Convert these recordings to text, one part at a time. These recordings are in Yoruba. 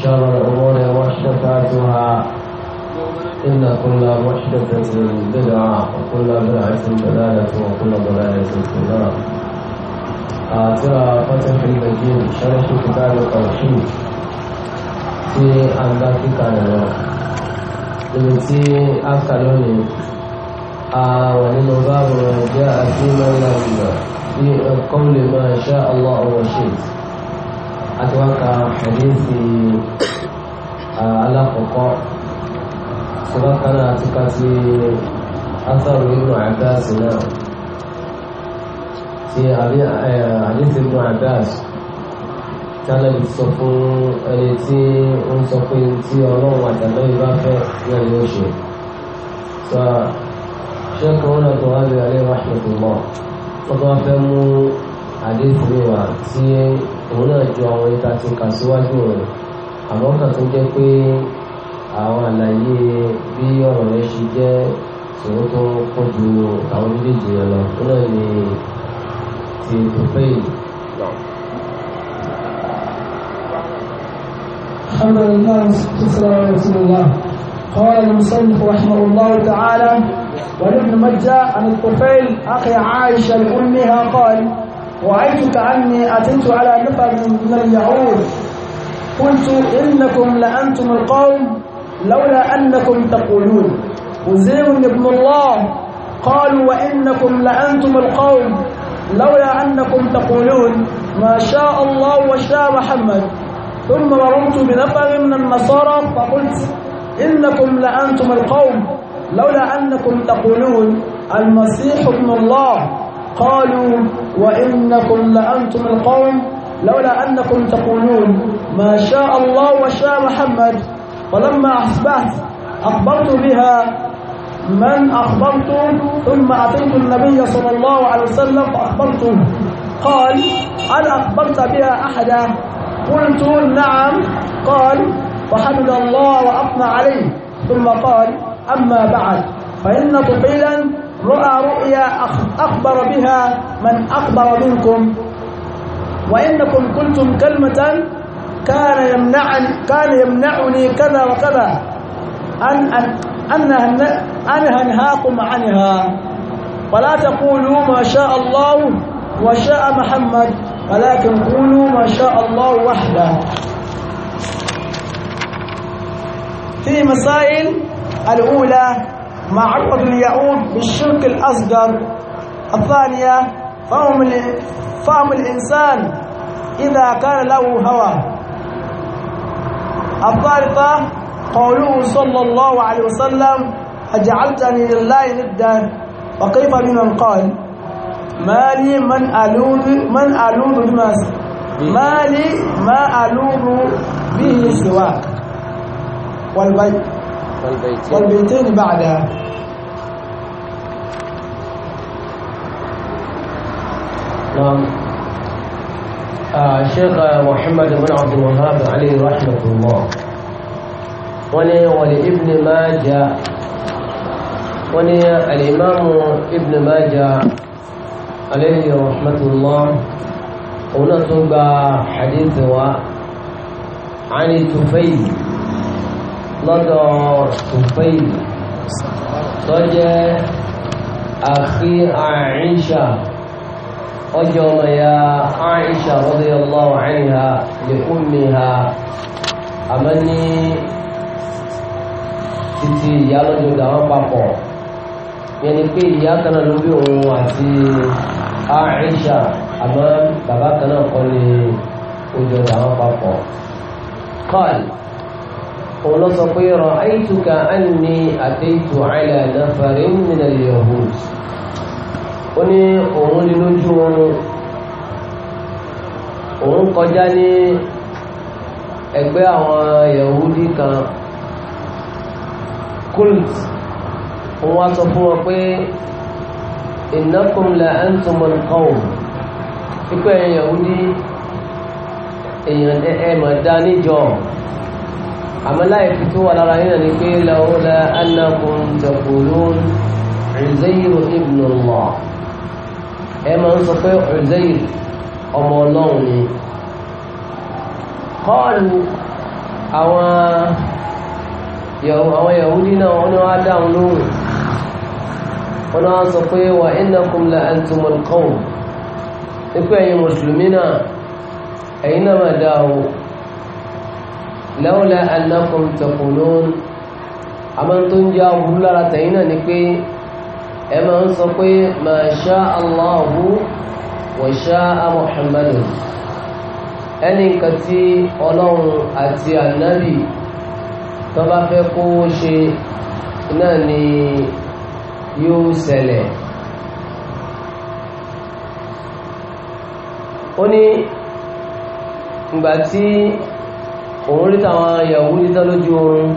شر الأمور محدثاتها إن كل محدثة بدعة وكل بدعة ضلالة وكل ضلالة في النار ترى فتح المجيد شرح كتاب التوحيد في أنداك كان التي أكلوني ومن باب جاء في من لم في قول ما شاء الله وشئت àti wá ka hadithi alákọ̀ọ́kọ́ sọ́bákanáà àti ká ti atharu ibnu abbas náà ti hadithi ibnu abbas tálẹ̀ sọ fún ẹni tí ó ń sọ pé tí ọlọ́run àtàlẹ́ ìbá fẹ́ náà ni ó ṣe sọ ṣẹ́kọ̀ọ́ wọn náà tó wá lè alẹ́ rahmatullah wọ́n tó wá fẹ́ mú hadithi mi wá òun náà ju àwọn ìta ti kà síwájú rẹ̀ àmọ́ kà tó jẹ́ pé àwọn àlàyé bí ọ̀rọ̀ rẹ̀ ṣe jẹ́ ìṣòro tó pọ̀ ju àwọn méjèèjì rẹ̀ lọ òun náà ni ti tòfẹ́yì. الحمد لله والصلاة على رسول الله قال المصنف رحمه الله تعالى وابن مجه عن الطفيل اخي عائشه لامها قال وعيتك عني أتنت على نفر من اليهود قلت إنكم لأنتم القوم لولا أنكم تقولون وزير ابن الله قالوا وإنكم لأنتم القوم لولا أنكم تقولون ما شاء الله وشاء محمد ثم مررت بنفر من النصارى فقلت إنكم لأنتم القوم لولا أنكم تقولون المسيح ابن الله قالوا وإنكم لأنتم القوم لولا أنكم تقولون ما شاء الله وشاء محمد فلما أصبحت أخبرت بها من أخبرت ثم أتيت النبي صلى الله عليه وسلم فأخبرته قال هل أخبرت بها أحدا قلت نعم قال وحمد الله وأثنى عليه ثم قال أما بعد فإن طفيلا رؤى رؤيا أخبر بها من أخبر منكم وإنكم قلتم كلمة كان يمنع كان يمنعني كذا وكذا أن أن أن أن أنهاكم عنها ولا تقولوا ما شاء الله وشاء محمد ولكن قولوا ما شاء الله وحده في مسائل الأولى مع عقبة بن بالشرك الأصغر الثانية فهم فهم الإنسان إذا كان له هوى الثالثة قوله صلى الله عليه وسلم أجعلتني لله ندا وكيف بمن قال ما لي من ألوذ من ألوذ بما ما لي ما ألوذ به سواك والبيت والبيتين بعدها نعم الشيخ محمد بن عبد الوهاب عليه رحمة الله ولي ولابن ماجه ولي الإمام ابن ماجه عليه رحمة الله ونصب حديثه عن التفيل لدى التفيل طيب أخي عائشة ọjọ́ ya عائشة رضي الله عنها لأمها أمني ní títí ìyá lọ́jọ́ dàwọn papọ̀ yẹn ni pé ìyá kan náà ló bí òun àti Aisha àmọ́ bàbá kan náà kọ́ ni ojú dàwọn papọ̀ kọ́ọ̀lì òun lọ sọ pé ra'aytuka anni ataytu ala nafarin min al-yahud ó ní òun rí lójú oorun òun kọjá ní ẹgbẹ́ àwọn Yahudi kan kult òun wá sọ fún wọn pé innakum la antumul qawm ikú ẹ̀yìn Yahudi èèyàn ẹ̀mọ̀ dá níjọ àmọ́ láì fi tó wà lára yìí ni pé lawla annakum taqulun Uzayr ibn Allah ẹ máa ń sọ pé Uzair ọmọ ọlọ́run ni kọ́ọ̀lù àwọn Yahudi náà wọ́n ni wọ́n á dáhùn lóhùn wọ́n náà sọ pé wa innakum la antumul qawm ipò ẹ̀yin mùsùlùmí náà ẹ̀yin náà máa dáhùn lawla annakum taqulun àmọ́ tó ń jẹ́ àwùrú lára tẹ̀yìn náà ni pé ẹ máa ń sọ pé ma sha Allahu wa sha'a Muhammadu ẹni nǹkan tí ọlọ́run àti ànábì tó bá fẹ́ kó ṣe náà ni yóò ṣẹlẹ̀ ó ní ìgbà tí òun rí táwọn Yahudi tán lójú oorun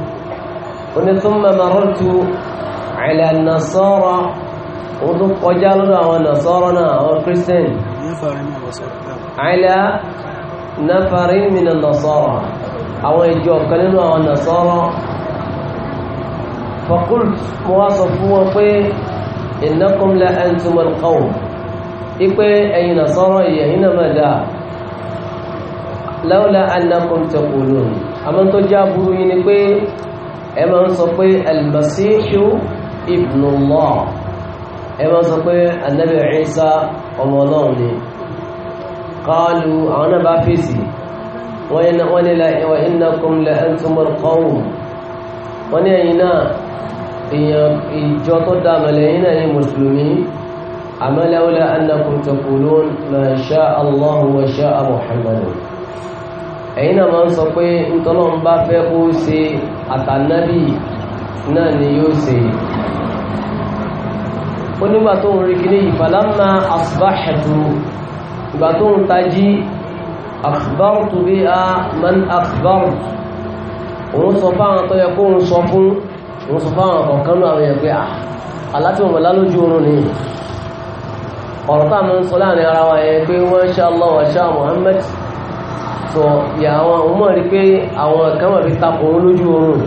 ó ní thumma marartu ala nasara òun tó kọjá lọ́dọ̀ àwọn nàṣọ́rọ̀ náà àwọn christian àìlá náfàrí mìnà nàṣọ́rọ̀ àwọn ìjọ kan nínú àwọn nàṣọ́rọ̀ fakult mo wá sọ fún wọn pé innakum la antumul qawm ipe ẹ̀yin nàṣọ́rọ̀ yìí ẹ̀yin náà máa dáa lawla annakum tó já burú yìí ni pé ẹ máa ẹ máa sọ pé anabi Isa ọmọ ọlọ́run ni kálù àwọn náà bá fèsì wọ́n ní la ìwà innakum la antumul qawm wọ́n ní ẹ̀yin náà èèyàn ìjọ tó dá àmàlẹ̀ yìí náà ní mùsùlùmí ni ó nígbà tó ń rí kíní ìfàlámà asbáṣẹ̀tù ìgbà tó ń tají akhbartu bí a man akhbartu òun sọ fáwọn tó yẹ kó ń sọ fún òun sọ fáwọn ọ̀kan ni ọ̀rọ̀ táà mọ́ ń sọ ara wa yẹ pé wọ́n ṣá Allah wa ṣá Muhammad sọ ìyá àwọn òun mọ̀ rí pé àwọn kan wà fi takò òun lójú oorun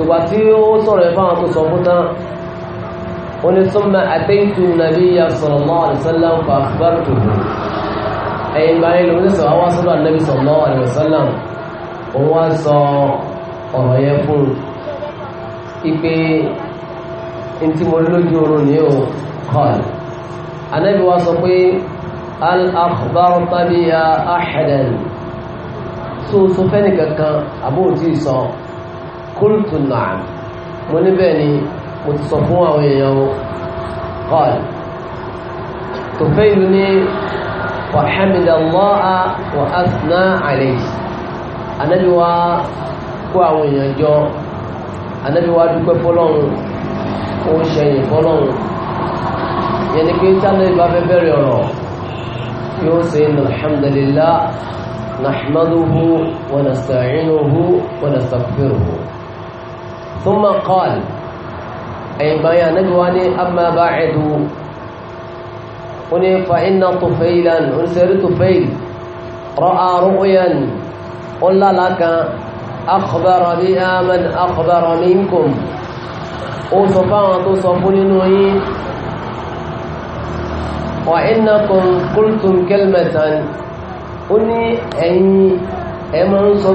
ṣùgbà tí ó sọ̀rọ̀ ẹ̀fà àwọn tó sọ fún tán wọ́n ni súnmọ́ àtẹ́yìntù nàbí ya sallallahu alaihi wasallam ẹ̀yìn báyìí ló ní sọ̀rọ̀ wá sọ́dọ̀ nàbí sallallahu alaihi wasallam wá sọ ọ̀rọ̀ yẹn fún ipe ntí mo lójú oorun ni ó kọ́l anábì wá sọ pé al akhbarta biya ahadan tó sọ fẹ́nì kankan àbóòtí sọ qultu na'am mo ní bẹ́ẹ̀ ni mo ti sọ fún àwọn èèyàn o qal Tufayl ní wa hamidallaha wa athna alayhi anabi wa kó àwọn èèyàn jọ anabi dúpẹ́ fọlọ́run ó ń ṣẹyìn fọlọ́run yẹn ni pé tánà fẹ́ bẹ̀rẹ̀ ọ̀rọ̀ yóò ṣe alhamdulillah nahmaduhu wa nasta'inuhu wa nastaghfiruhu. ثم قال أي بيان نجواني أما بعد هنا فإن طفيلا أنسر طفيل رأى رؤيا قل لك أخبر بها من أخبر منكم وصفا تصفون وإنكم قلتم كلمة أني ní ẹ̀yin ẹ máa ń sọ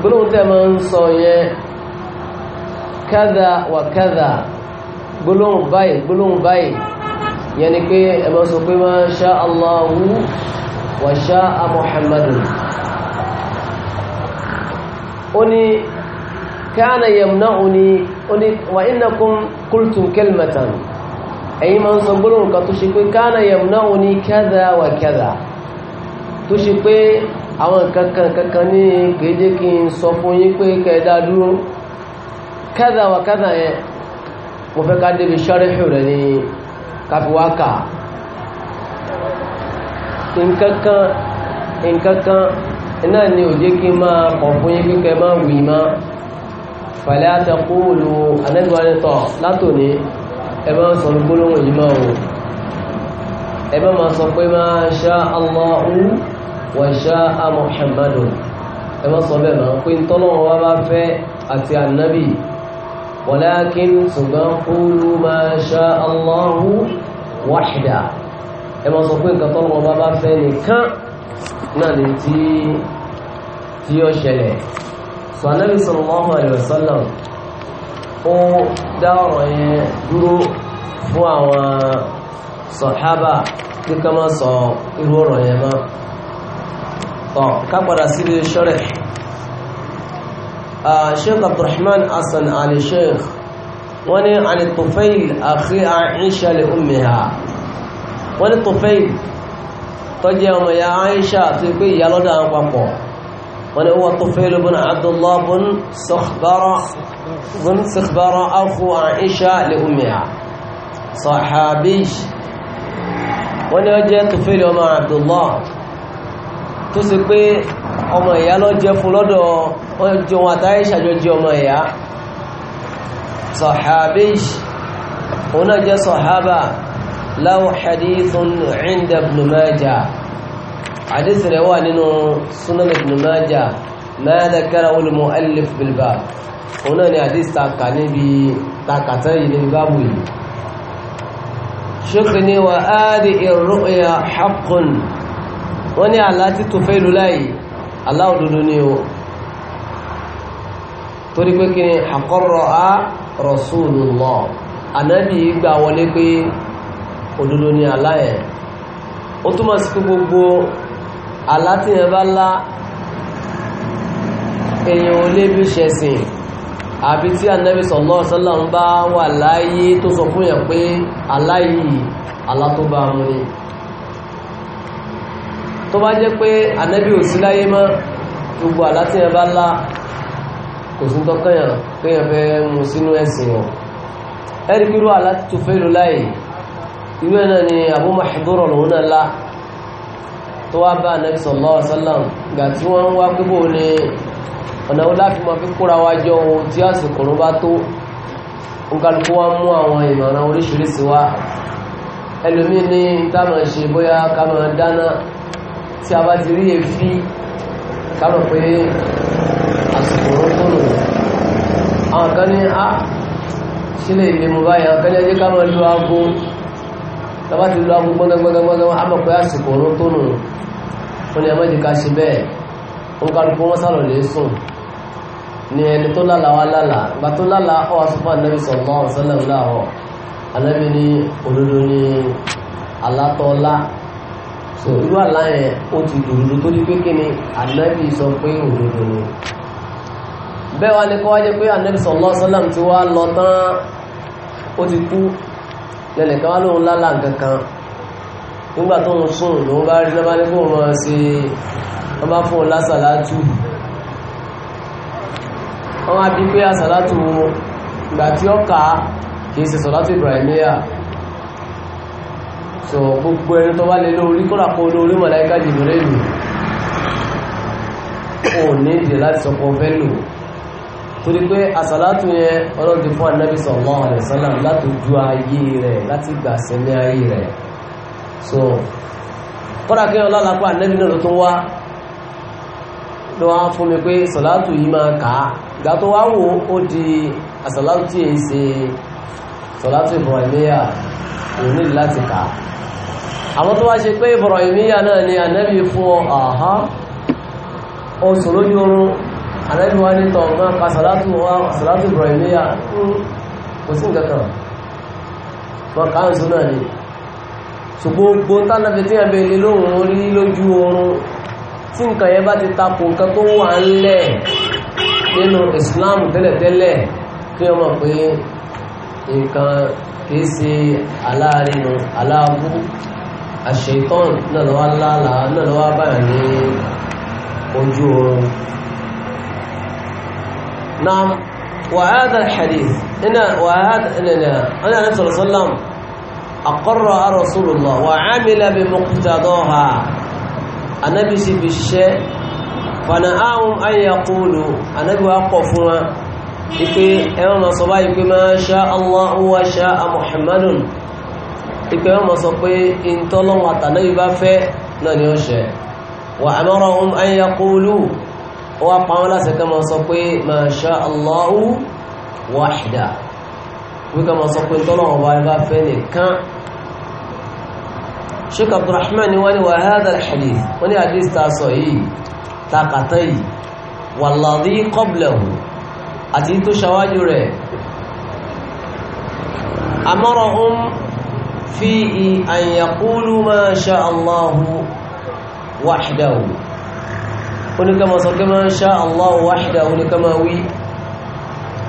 gbólóhùn tẹ́ máa ń sọ yẹn kádà wà kádà gbólóhùn báyìí gbólóhùn báyìí yẹn ni pé ẹ máa sọ pé ma sha Allahu wa sha Muhammadu ó ní kana yamna'uni ó ní wa innakum qultum kalimatan èyí máa ń sọ gbólóhùn kan tó ṣe pé kana yamna'uni kádà wà kádà tó ṣe pé àwọn kankan kankan ní kéde kí n sọ fún yín pé kẹ́ẹ̀dá dúró kẹ́dà wà kẹ́dà yẹn mo fẹ́ ká débi ṣọ́rẹ́fẹ́ rẹ̀ ní káfíwákà nkankan nkankan náà ni ò jẹ́ kí n máa kọ̀ fún yín kíkẹ́ máa wì má fàlẹ́ àtẹkùlù anẹ́gbẹ̀rẹ́tọ̀ látòní ẹ máa sọ gbólóhùn yìí máa wò ẹ máa وشاء محمد ẹmọ sọ bẹ́ẹ̀ náà pé tọ́lọ́wọ́ wá bá fẹ́ àti ànábì walakin ṣùgbọ́n qulu ma sha'a Allahu wahda ẹmọ sọ pé nǹkan tọ́lọ́wọ́ bá bá fẹ́ nìkan náà ni tí tí ó ṣẹlẹ̀ sọ ànábì sallallahu alaihi tọ́ ká padà sí ilé ṣọ́rẹ̀ sheikh abdulrahman hasan ali sheikh wọ́n ní ali tufail akhi aisha li ummiha wọ́n ní tufail tó jẹ́ ọmọ ya aisha tó pé ìyá lọ́dọ̀ àwọn papọ̀ wọ́n ní wọ́n tufail bin abdullah bin sakhbara tó ṣe pé ọmọ ìyá lọ jẹ́ fún lọ́dọ̀ ọjọ́ wọn àtàrí ìṣàjọ jẹ́ ọmọ ìyá sọ̀hábí òun náà jẹ́ sọ̀hábà lahu hadithun inda ibn Majah hadith rẹ̀ wà nínú sunan ibn Majah ma dhakarahu al wọ́n ní àlá tí tó fẹ́ ìlú láyìí àlá òdodo ni o torí pé kí ni àkọ́rọ̀ á Rasulullah ànábì gbà wọlé pé òdodo ni àlá yẹn ó túmọ̀ sí pé gbogbo àlá yẹn bá lá èèyàn ò lè bí ṣẹ̀sìn àbí tí ànábì sallallahu alaihi ń bá wà láyé tó sọ fún yẹn pé àlá yìí àlá ni tó bá jẹ́ pé ànábì ò sí láyé mọ́ gbogbo àlá tí yẹn bá lá kò sí tọ́kànyàn kéèyàn fẹ́ mu sínú ẹ̀sìn wọn ẹ̀rí kí irú àlá tó fẹ́ lò láyè irú ẹ̀ ni Abu Mahdura lòun náà lá tó wá bá ànábì sallallahu alaihi wasallam gbà tí wọ́n ń wá pípò ní ọ̀nà wo láti máa fi kóra wá jọ ohun wa mú àwọn ìmọ̀ràn oríṣiríṣi wá bóyá ká dáná tí a bá ti rí efi kárọ̀ pé àsìkò ló tó lò àwọn kan ní a sílẹ̀ ilé mo báyìí àwọn kan ní ẹjẹ́ ká máa lo aago tí a bá ti lo aago gbọ́ngbọ́ngbọ́ngbọ́n a mọ̀ pé àsìkò ló tó lò wọ́n ní ẹ mọ́jì ká ṣe bẹ́ẹ̀ wọ́n kárí pé wọ́n so irú àlá yẹn ó ti dòdòdò tó di pé kí ni ànábì sọ pé òdodo ni bẹ́ẹ̀ wá ní kọ́ wájẹ́ pé ànábì sallallahu ti wá lọ tán ó ti kú lẹ́nìkan wá lóun lálà kankan nígbà tó ń sùn lòun bá rí lọ́bá ní kó wọ́n ṣe wọ́n bá fún un lásàlátù wọ́n so gbogbo ẹni tó bá lè lórí kó ràpọ̀ olórí mọ̀láíkà jìbìrẹ́ lò ó ní ìdè láti sọpọ̀ fẹ́ lò torí pé àsàlátù yẹn ọlọ́dẹ fún anábì sallallahu alaihi wasallam láti ju ayé rẹ̀ láti gbà sí ní ayé rẹ̀ so kọ́dà kí ọlá lápá anábì náà ló tún wá ló wá fún mi pé sàlátù yìí máa kà á ìgbà tó wá wò ó di àsàlátù tí èyí ṣe sàlátù Ibrahimiyya òun ní láti kà á àwọn tó wá ṣe pé Ibrahimiyya náà ni ànábì fún ọ àhá oṣù lójú oorun ànábì wá ní tọ̀ máa ka sàlátù wá sàlátù Ibrahimiyya kò sí nǹkan kan wọn kà ń sọ náà ni ṣùgbọ́n gbogbo tánàfi tí ẹ̀bẹ̀ ilé lóhun orí lójú oorun tí nǹkan yẹn bá ti tapò nǹkan tó wà ń lẹ̀ nínú Islam tẹ́lẹ̀tẹ́lẹ̀ kí ọmọ pé nǹkan kìí ṣe aláàrínú aláàbú àṣetán náà lọ́wọ́ láàlá náà lọ́wọ́ báyà ní ojú oorun náà وهذا الحديث هنا وهذا هنا أنا عليه الصلاة والسلام أقرها رسول الله وعمل بمقتضاها النبي سي بالشيء فنهاهم أن يقولوا النبي وقفوا ipe ẹwọ́n ma sọ báyìí pé máa ṣá Allahu wa ṣá Muhammadun ipe ẹwọ́n ma sọ pé ìntọ́lọ́wọ́ àtàlẹ́yìn bá fẹ́ náà ni ó ṣe wa amarahum an yaqulu wọ́n pa wọn láti kẹ́ ma sọ pé máa ṣá Allahu wahda wíkẹ́ ma sọ pé ìntọ́lọ́wọ́ bá fẹ́ nìkan Sheikh Abdurrahman wọ́n ni wa hadha al wọ́n ni hadith ta sọ yìí takàtà yìí walladhi qablahu àti tó ṣàwájú rẹ̀ amarahum fi an yaqulu ma sha Allahu wahdahu oníkàmọ̀ sọ kí ma sha Allahu wahdahu oníkàmọ̀ wí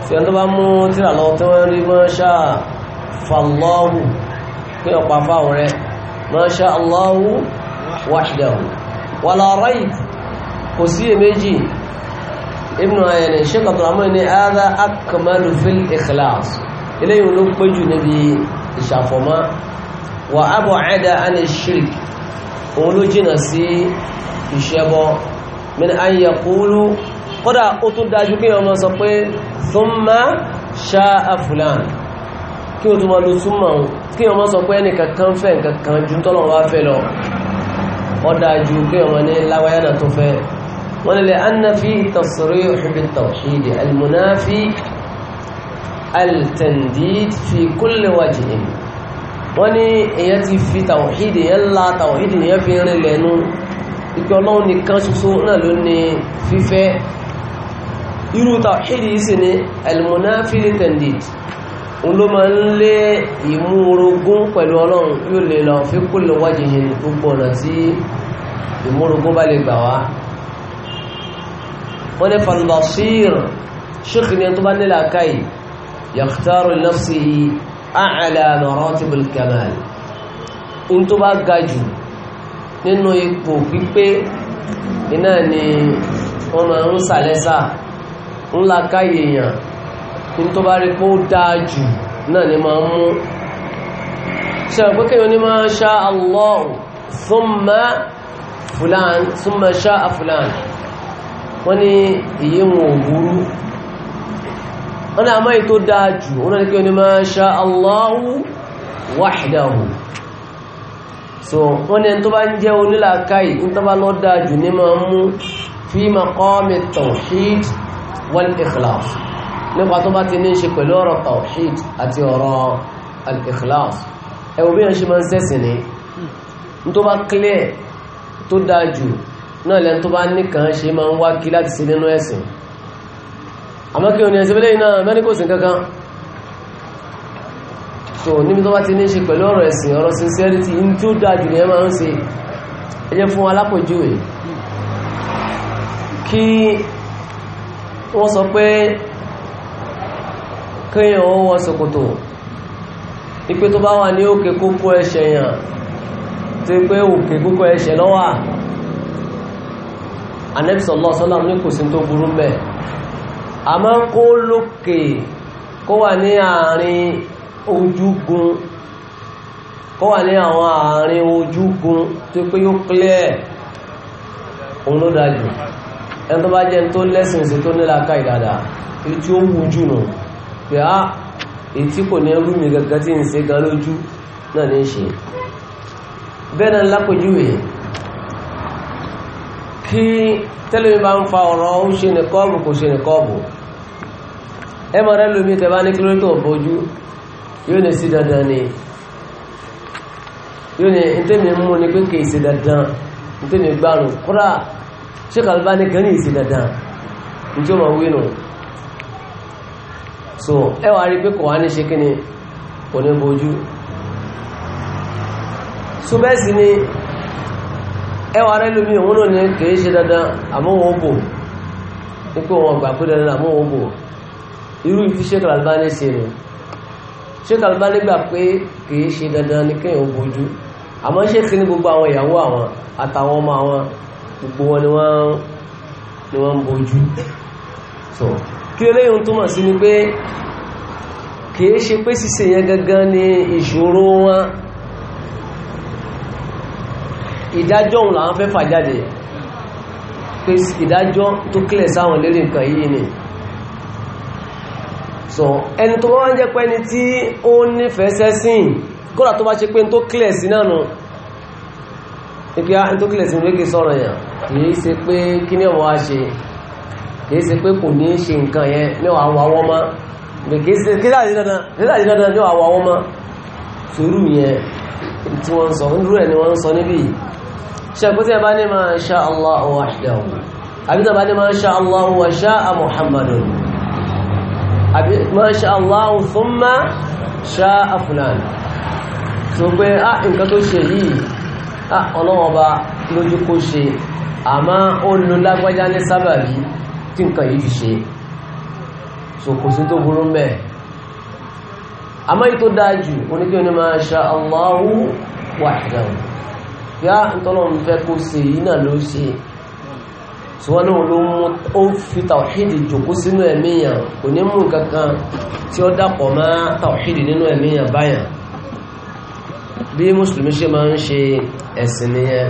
tí wọ́n tó bá mú tí àlọ́ tí wọ́n rí ma sha fallahu pé ọ̀pá fáwọn rẹ̀ ma sha Allahu wahdahu wala raib ibnu ayẹni sheikh abdulrahman ni ada akamalu fil ikhlas eléyìí ló pé jù níbi ìṣàfọ̀mọ́ wà ábọ̀ ẹ̀dá àni shirk òun ló jìnà sí ìṣẹ́bọ min an yaqulu kódà ó tún dájú kí wọ́n sọ pé thumma sha'a fulan kí o tún máa lo súnmọ̀ kí wọ́n sọ pé ẹnì kankan fẹ́ nǹkan kan fẹ́ lọ ó dájú kí wọ́n ní láwáyánà tó fẹ́ wọ́n فيه تصريح بالتوحيد المنافي التنديد في كل وجه، al-tandid fi kulli wajhin wọ́n ní èyàn ti fi tawhid èyàn la tawhid èyàn fi rin lẹ́nu ìpé ọlọ́run nìkan ṣoṣo náà ló ní fífẹ́ irú tawhid yìí sì ni al-munafi al-tandid ló máa ń lé ìmú pẹ̀lú ọlọ́run yóò lè lọ fi kulli gbogbo ọ̀nà tí ìmú bá lè gbà wá wọ́n ní falbasir ṣíkì ní tó bá nílà káì yàtàrù lọ́fsì àlà maratibul kamal in tó bá ga jù nínú ipò pípé iná ni wọ́n máa ń sàlẹ́sà ńlá káì èèyàn in tó bá rí pé dáa jù náà ni máa ń mú ṣe àpẹ́kẹ́ máa ṣá Allah thumma fulan thumma wọ́n ní èyí wọn ò burú wọ́n ní àmáyí tó dáa jù wọ́n ní kí wọ́n ní ma sha Allahu wahdahu so wọ́n ní tó bá ń jẹ́ onílàkáì ní tó bá lọ dáa jù ní ma mú fi maqami tawhid wal ikhlas nípa tó bá ti ní ṣe pẹ̀lú ọ̀rọ̀ tawhid àti ọ̀rọ̀ al ikhlas ẹ̀wọ̀n bí wọ́n ṣe máa ń sẹ́sìn ní tó bá clear tó dáa jù náà lẹ́nu tó bá nìkan ṣe máa ń wá kí láti ṣe nínú ẹ̀sìn àmọ́ kí òní ẹ̀sìn bẹ́lẹ̀ náà mẹ́rin kò sí kankan so níbi tó bá ti ní ṣe pẹ̀lú ọ̀rọ̀ ẹ̀sìn ọ̀rọ̀ sincerity in tí ó dáa jù ní ẹ máa ń ṣe ẹ jẹ́ fún alápòjúwe kí wọ́n sọ pé kéèyàn ó wọ ṣòkòtò ipe tó bá wà ní òkè kókó ẹ̀ṣẹ̀ yàn tó pé òkè kókó ẹ̀ṣẹ̀ lọ́wọ́ Ànábì sallallahu alaihi wasallam ní kò sí tó burú mẹ́ a máa ń kó lókè kó wà ní àárín ojúgun kó wà ní àwọn àárín ojúgun tó pé yóò clear òun ló dájú ẹni tó bá jẹ́ tó lẹ́sìn sí tó nílá ká ìdàdà tí ó wù jù nù pé á ètí kò ní rú mi gẹ́gẹ́ tí ń ṣe gan lójú náà ní ṣe bẹ́ẹ̀ náà lápòjúwèé kí tẹ́lẹ̀ mi bá ń fa ọ̀rọ̀ ó ṣe nìkọ́ọ̀bù kò ṣe nìkọ́ọ̀bù ẹ mọ̀ rẹ lómi tẹ́ bá ní kí ló tó bójú yóò ní sí dandan ni yóò ní ntẹ́mi mú ni pé kì í sí dandan ntẹ́mi gbárùn kúrà ṣé kàlùbá ní gan ní ìsí dandan njẹ́ ọmọ wí nù so ẹ rí pé kò wá ní ṣe kí ni kò ní bójú so bẹ́ẹ̀ sì ni ẹwà rẹ lómi òun náà ní kìí ṣe dandan àmọ́wọ́ ògbò wípé wọn gbà pé dandan àmọ́wọ́ ògbò irú ìfi Sheikh Al-Albani ṣe rẹ̀ Sheikh Al-Albani gbà pé kìí ṣe dandan ní kéèyàn bójú àmọ́ Sheikh ní gbogbo àwọn ìyàwó àwọn àtàwọn ọmọ àwọn gbogbo wọn ni wọ́n ń bójú so kí eléyìí túmọ̀ sí ni pé kìí ṣe pé ṣíṣe yẹn gangan ni ìṣòro wọn ìdájọ́ òun làwọn fẹ́ fà jáde pé ìdájọ́ tó kílẹ̀ sáwọn lérí nǹkan yìí ni so ẹni tó wọ́n jẹ́ pẹ́ni tí ó nífẹ̀ẹ́ sẹ́sìn a tó kílẹ̀ sí méjì ah, sọ̀rọ̀ yàn kìí ṣe pé kí ní ọmọ wa ṣe kìí ṣe pé kò ní ṣe nǹkan yẹn ní àwọn àwọn ọmọ kìí ṣe kí láti dandan ní àwọn àwọn ọmọ sòrú yẹn tí wọ́n sọ nírú ẹ̀ ṣẹ̀kútẹ́ bá ní máa ṣá Allahu wahdahu àbíta bá ní máa ṣá Allahu wa ṣáà Muhammadu àbí máa ṣá Allahu thumma ṣáà fulan tó pé á ah, nǹkan tó ṣe yìí á ah, ọlọ́wọ́ba lójú kó ṣe àmá ó lo lágbájá ní sábàbí tí nǹkan yìí ṣe so kò sí tó burú mẹ́ àmá yìí tó oníkẹ́ oní máa ṣá Allahu wahdahu bí á ń tọ́lọ́ ń fẹ́ kó ṣe yìí náà ló ṣe ṣùgbọ́n náà ló mú ó fi tàwíìdì jòkó sínú ẹ̀mí yàn kò ní mú nǹkan kan tí ó dàpọ̀ mọ́ tàwíìdì nínú ẹ̀mí báyàn bí mùsùlùmí ṣe máa ń ṣe ẹ̀sìn nìyẹn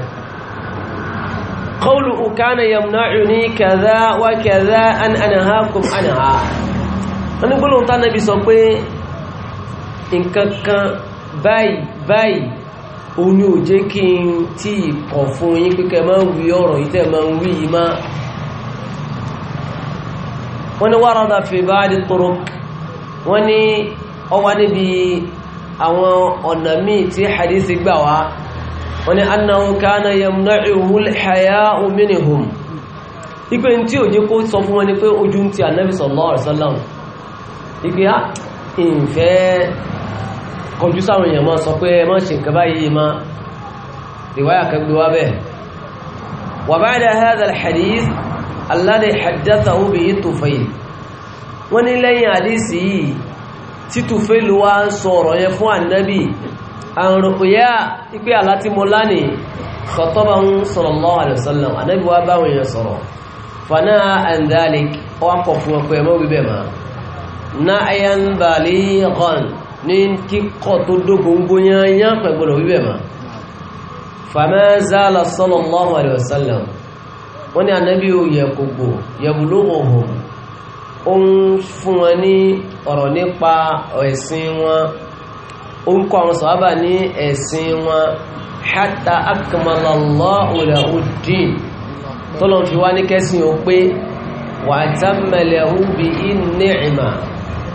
قوله كان يمنعني كذا وكذا أن أنهاكم عنها wọ́n gbọ́lọ̀ tánàbí sọ pé nǹkankan báyìí báyìí ó ní ò jẹ́ kí n tí ìkọ̀ fún yín pé kẹ́ máa ń wí ọ̀rọ̀ yìí tẹ́ ń wí má wọ́n fi ba'di turuq wọ́n ní ọwá níbi àwọn ọ̀nà míì tí hadisi gbà wá wọ́n ní annahu kana yamna'uhu al-haya'u minhum ipe tí ò kó sọ fún wọn ni pé kọjú sáwọn èèyàn máa sọ pé ẹ má ṣe nǹkan báyìí má rìwáyà kan gbé wá bẹ́ẹ̀ wà bá dá hadha al-hadith alladhi haddathahu bihi Tufayl wọ́n ní lẹ́yìn àdísì yìí tí Tufayl wá ń sọ ọ̀rọ̀ yẹn fún ànábì àrùnkúyà ipé alátímọ́lá ni khatabahu sallallahu alaihi wasallam ànábì wá báwọn na ayan balighan ní kíkọ́ tó dógóngó yányá pẹ̀gbọ́dọ̀ wíbẹ̀ ma fàmẹ́zàlá sallallahu alaihi wasallam wọ́n ni ànábí o yẹ gbogbo yẹbùlóhùn ó ń fún wọn ní ọ̀rọ̀ nípa ẹ̀sìn wọn ó ń kọ́ wọn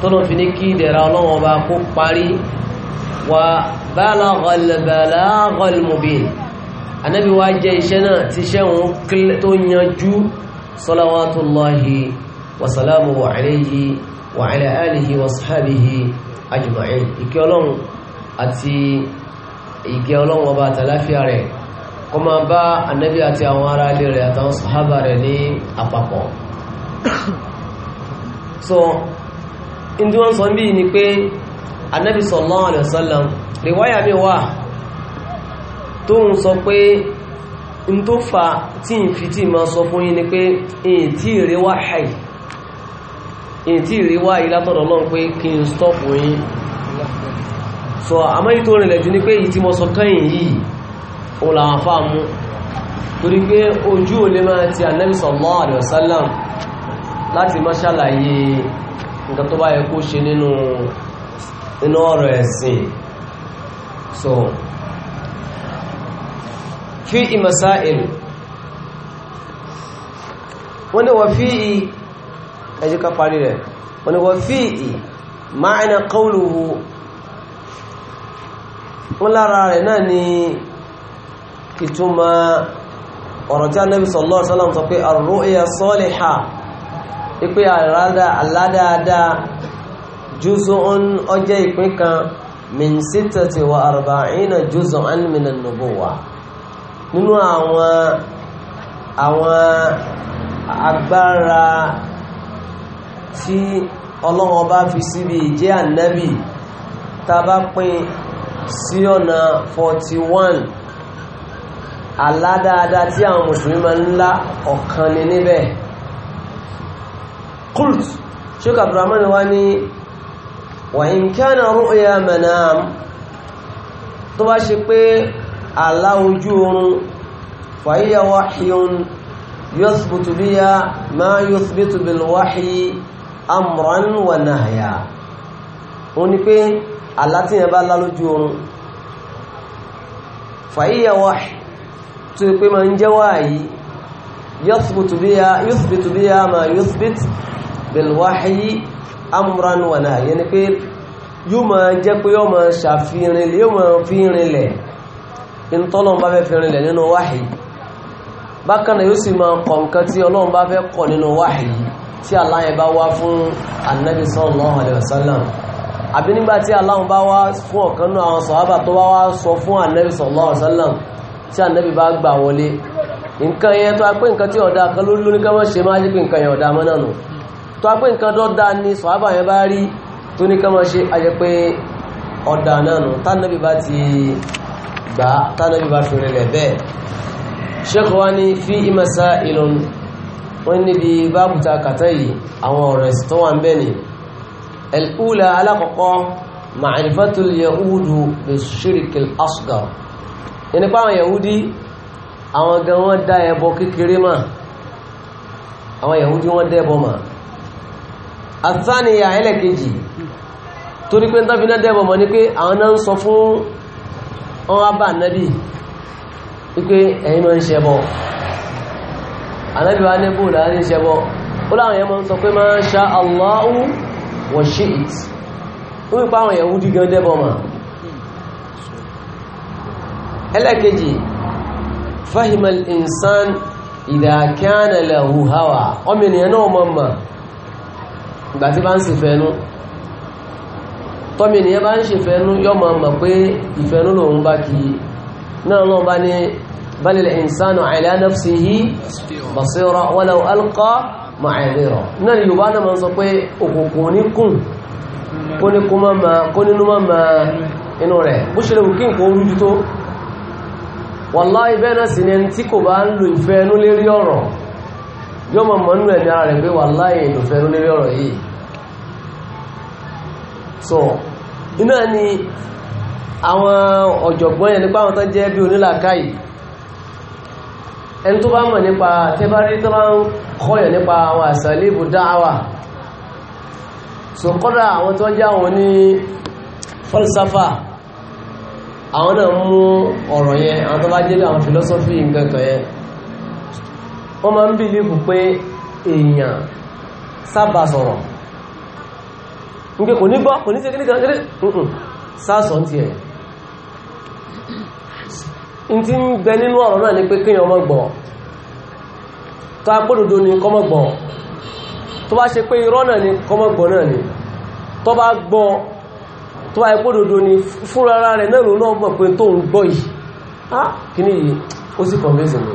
tọ́nà fi ní kí ìdẹ̀ra ọlọ́run ọba kó parí wa balaghal balaghal mubin anábí wá jẹ́ iṣẹ́ náà ti ṣẹ́wọ̀n tó yanjú salawatullahi wa salamu wa alayhi wa ala alihi wa sahabihi ajma'in ìkẹ́ ọlọ́run àti ìkẹ́ ọlọ́run so indi wọ́n sọ bí ní pé anábi sallallahu alaihi wasallam ríwáyà mi wà tó ń sọ pé in tó fa tí n fi tí ma sọ fún yí ni pé èyí tí ìrẹ́wà haì èyí lọ́n pé kí n stop yí so àmọ́ yí tó rìnlẹ̀ jù ní pé èyí tí mo sọ kẹ́yìn yìí o là wà fáà mú torí pé ojú ò máa ti anábi sallallahu alaihi láti má ṣàlàyé nǹkan tó bá yẹ kó ṣe nínú ọ̀rọ̀ ẹ̀sìn so fi masail wọ́n ni wọ́n fi ì ẹjí ká parí rẹ̀ wọ́n ni wọ́n fi ì ma'ana qawluhu wọ́n lára rẹ̀ náà ni ìtumọ̀ ọ̀rọ̀ tí Ànábì sallallahu alaihi wasallam sọ pé ar-ru'ya salihah ipe aládáadáa juz'un ọjẹ́ ìpín kan min sittati wa arba'ina juz'an minan nubuwa nínú àwọn àwọn agbára tí ọlọ́wọ́n bá fi síbi ìjẹ́ ànábì tá bá pín sí ọ̀nà 41 aládáadáa tí àwọn mùsùlùmí máa ń ọ̀kan ni níbẹ̀ qult sheikh abdurrahman wá ní wa in kana ru'ya manam tó bá ṣe pé àlá ojú oorun fa hiya wahyun yuthbutu biha ma yuthbitu bil wahyi amran wa nahya òun ni pé àlá tí yẹn bá lá lójú oorun fa hiya wahy tó pé máa ń jẹ́ wáyìí yuthbitu biha yuthbitu biha ma yuthbit bilwahyi amran wa nahy yẹn ni pé yóò máa jẹ́ pé yóò máa ṣàfihàn yóò máa fi rinlẹ̀ ìtọ́lọ́n bá fẹ́ fi rinlẹ̀ nínú wáhì bákan náà yóò sì máa kọ̀ nǹkan tí ọlọ́run bá fẹ́ kọ̀ nínú wáhì tí aláyẹ bá wá fún annabi sallallahu alaihi wasallam àbí nígbà tí aláhùn bá wá fún ọ̀kan náà àwọn sọ̀hábà tó bá wá sọ fún annabi sallallahu alaihi wasallam tí annabi bá gbà wọlé nǹkan yẹn tó a pé nǹkan tí ọ̀dà kan ló lóníkà mọ́ ṣe máa jẹ́ pé nǹkan yẹn ọ̀dà mọ́ náà tó apé nǹkan dọ́dá ní sọ̀hábà yẹn bá rí tó ní ká máa ṣe ajẹ́ pé ọ̀dà náà nù tánàbí bá ti gbà tánàbí bá fi rẹ̀lẹ̀ bẹ́ẹ̀ ṣẹ́kọ̀ wá ní fi ìmọ̀sá ìlọ́nù wọ́n níbi báàbùta àwọn ọ̀rọ̀ ẹ̀sì wọ́n dá ẹbọ àtàníyà ẹlẹ́kejì torí pé ń tán fi náà dẹ́bọ̀ mọ̀ ní pé àwọn náà ń sọ fún ọwọ́ bá nábì wípé ẹ̀yin máa ń ṣẹbọ ànábì wa ní bóòlù àti ṣẹbọ ó láwọn èèyàn máa ń sọ pé ma sha Allahu wa shi'it ó wípé àwọn ìgbà tí bá ń ṣèfẹ́nú tọ́mì ènìyàn bá ń ṣèfẹ́nú yọ́ ma mọ̀ pé ìfẹ́nú lòun bá kì í náà lọ́n bá ní balil insanu ala nafsihi basira walau alqa ma'adira náà ni yorùbá náà ma ń sọ pé òkùnkùn ní yóò mọ̀ mọ̀ nínú ẹ̀mí ara rẹ̀ pé wàláhì ló fẹ́ ló lérí ọ̀rọ̀ yìí so iná ni àwọn ọ̀jọ̀gbọ́n yẹn nípa àwọn tó jẹ́ bí onílàkàyè ẹni tó bá mọ̀ nípa tẹ́bárí tó bá ń kọ́yọ̀ nípa àwọn àsàlébù dáwà so kọ́dà àwọn tó jẹ́ àwọn ní falsafa àwọn náà mú ọ̀rọ̀ yẹn àwọn tó bá jẹ́ bí àwọn philosophy nǹkan kan yẹn wọ́n máa ń bìlífù pé èèyàn sábà sọ̀rọ̀ nígbé kò ní gbọ́ kò ní sẹ́kẹ́ nígbà kéré sáàsọ̀ ti ẹ̀ in ti ń bẹ nínú ọ̀rọ̀ náà ni pé kíyàn ọmọ gbọ́ tó agbódòdó ni kọ́mọ gbọ́ tó bá ṣe pé irọ́ náà ni kọ́mọ gbọ́ náà ni tó bá gbọ́ tó bá agbódòdó ni fúnra rẹ̀ náà ló náà mọ̀ pé tóun gbọ́ yìí kí ni yìí ó sì kọ̀ọ̀mẹ́sì mi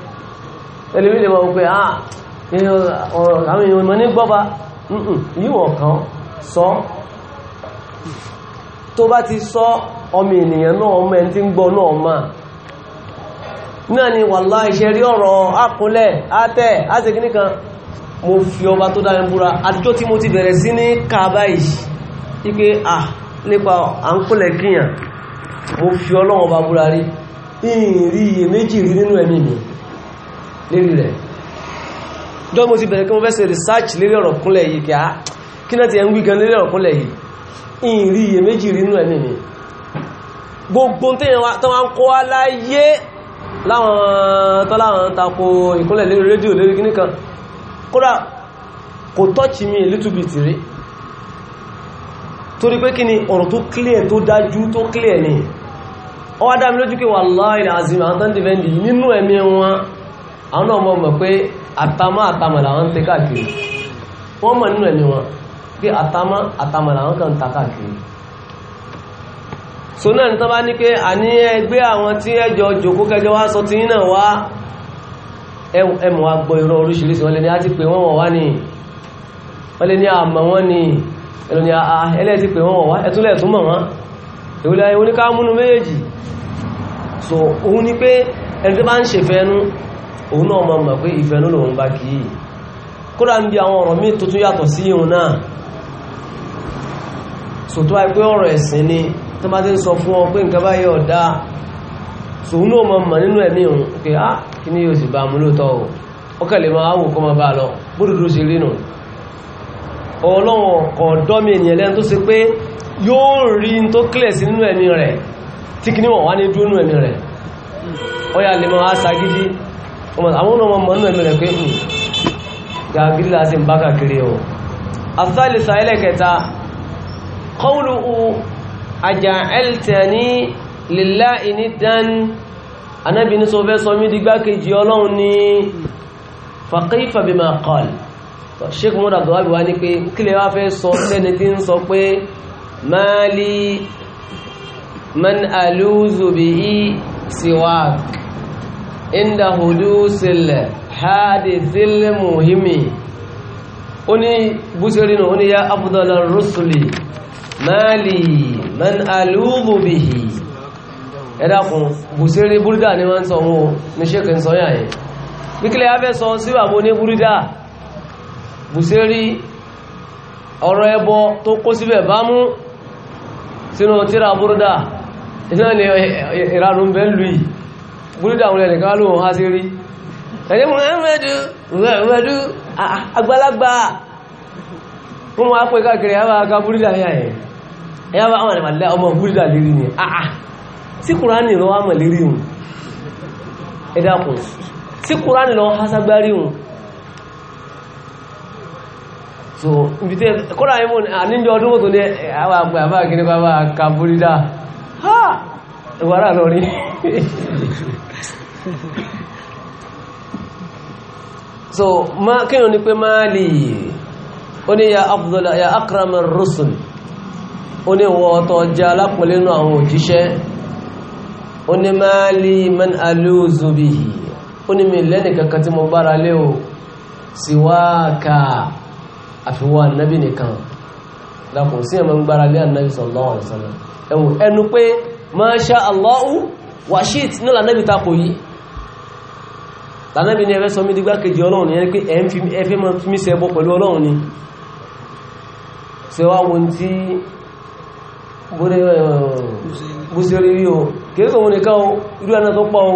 ẹlẹ́mí lè máa wípé àwọn ah, èèyàn mọ̀ ní gbọ́ba yíwọ̀ kan sọ tó bá ti sọ ọmọ ènìyàn náà ọmọ ẹni tí ń gbọ́ náà máa náà ni wàlá iṣẹ́ rí ọ̀rọ̀ akúnlẹ̀ átẹ́ ásẹ̀kíníkan mo fi ọba tó dáyẹ búra àtijọ́ tí mo ti bẹ̀rẹ̀ sí ní kààbá yìí ipé à nípa àǹkúnlẹ̀ kíyàn mo fi ọlọ́wọ́ bá búra rí ìrìn rí iye méjì rí nínú ẹ̀mí mi lérí rẹ̀ jọ́ mo ti bẹ̀rẹ̀ kí mo fẹ́ ṣe research lérí ọ̀rọ̀ kúnlẹ̀ yìí kí á kí náà ti ẹ̀ ń wí gan lérí ọ̀rọ̀ kúnlẹ̀ yìí ìrìn iye méjì rí inú ẹ̀mí mi gbogbo tó wá ń kó wá láyé láwọn tọ́láwọn tako ìkúnlẹ̀ lérí rédíò lérí kíní kan kódà kò tọ́ọ̀chì mi little bit rí torí pé kí ni ọ̀rọ̀ tó clear tó dájú tó clear ni ó wá dá mi lójú pé wallahi azim àtàndìvẹ́ndì nínú ẹ̀mí wọn àwọn náà mọ̀ mọ̀ pé àtàmà àtàmà làwọn ń tẹ káàkiri wọ́n mọ̀ nínú ẹ̀mí wọn pé àtàmà àtàmà làwọn kan ń ta káàkiri so náà ní tán bá ní pé àní ẹgbẹ́ àwọn tí ẹjọ jòkó kẹjọ wá sọ tí náà wá ẹmọ̀ wa gbọ́ irọ́ oríṣiríṣi wọ́n lè ní á ti pè wọ́n wọ̀ wá ní wọ́n lè ní àmọ́ wọ́n ní ẹlò ní àà ẹlẹ́ẹ̀tí pè wọ́n wọ̀ wá ẹtúnlẹ̀ tún mọ̀ wọ́n ìwòlẹ̀ oníkàmúnú méjèèjì so òun ni pé ẹni tí bá ń ṣèfẹ́ ẹnu òun náà ma mọ̀ pé ìfẹ́ ló lòun bá kìí kódà ń bí àwọn ọ̀rọ̀ míì tó tún yàtọ̀ sí ìhun náà sòtó àì pé ọ̀rọ̀ ẹ̀sìn ni tó bá ti ń sọ fún ọ pé nǹkan báyìí ọ̀dá sòun náà ma mọ̀ nínú ẹ̀mí òun pé á kí ni yóò sì bá mú lóòótọ́ o ọkẹ́ lè máa wò kó máa bá a lọ bódòdó ṣe rí nù ọlọ́wọ̀n ọ̀dọ́ mi ènìyàn lẹ́nu tó ṣe pé yóò rí n tó kílẹ̀ sí nínú ẹ̀mí rẹ̀ tí kí ni wọ́n wá ní dúró nínú ẹ̀mí rẹ̀ ọ̀yà lè máa ṣagídí àwọn ọmọ ọmọ náà mẹ́rẹ̀ pé gàgírí láti ń bá kàkiri ọ̀ afẹ́lẹ̀sà ẹlẹ́kẹta kọlù àjàẹ́lìtẹ̀ní lílá ìní dán anábi ní sọfẹ́ sọmí dígbákejì ọlọ́run ní fàkífà bí máa kọl sheik mọ́dà tó wábí wá ní pé kílẹ̀ wá fẹ́ sọ sẹ́ni tí ń sọ pé máàlì man alúzùbí inda hudusil hadithil muhimi ó ní búṣẹ́rí náà ó ní ya afdalar rusuli máàlì man alúbù bihi ẹ̀dàkùn búṣẹ́rí búrúdà ni wọ́n sọ wọn ní ṣékùn sọ yà yìí níkílẹ̀ afẹ́ sọ sí bàbá ní búrúdà búṣẹ́rí ọ̀rọ̀ ẹbọ tó kó síbẹ̀ bá mú sínú tíra búrúdà iná ni bẹ́ẹ̀ lùi búrúdà àwọn ẹnìkan wá lóhun há sí rí ẹ̀yẹ́ mú ẹ̀mẹ́dú ẹ̀mẹ́dú àgbàlagbà wọ́n mú apẹ́ káàkiri àwọn aga búrúdà yà ẹ̀ ẹ̀yà bá àwọn àdàmàdà ọmọ búrúdà lérí ni àà tí kùránì lọ wàmọ̀ lérí hùn ẹ̀dàkùn tí kùránì lọ háságbárí hùn so ibi tẹ́ kọ́nà ìmú àníjọ ọdún mọ́tò ní àwọn àgbà àbá kiri bá bá ka búrúdà ha ìwárà lọ rí so ma kíyàn ní pé máa lè ó ní ya afdala ya akramar rusul ó ní wọ́n ọ̀tọ̀ jẹ́ alápọ̀lẹ́ nínú àwọn òjíṣẹ́ ó ní máa lè man alóòzò bí i ó ní mi lẹ́nì kankan tí mo gbára lé o síwáàkà àfiwá nábì nìkan dákùn sí ẹ̀mọ́ gbára lé ànábì sallallahu alaihi wasallam ẹnu pé ma sha Allahu wa shit takò yìí tànàbí ni ẹ̀fẹ́ sọ mí dígbà kejì ọlọ́run ni ẹni pé ẹfẹ́ ma fi mí ṣẹbọ pẹ̀lú ọlọ́run ni ṣe wá wọn tí búṣe rí o kéèkò wọn nìkan o irú ẹ̀nà tó pọ̀ o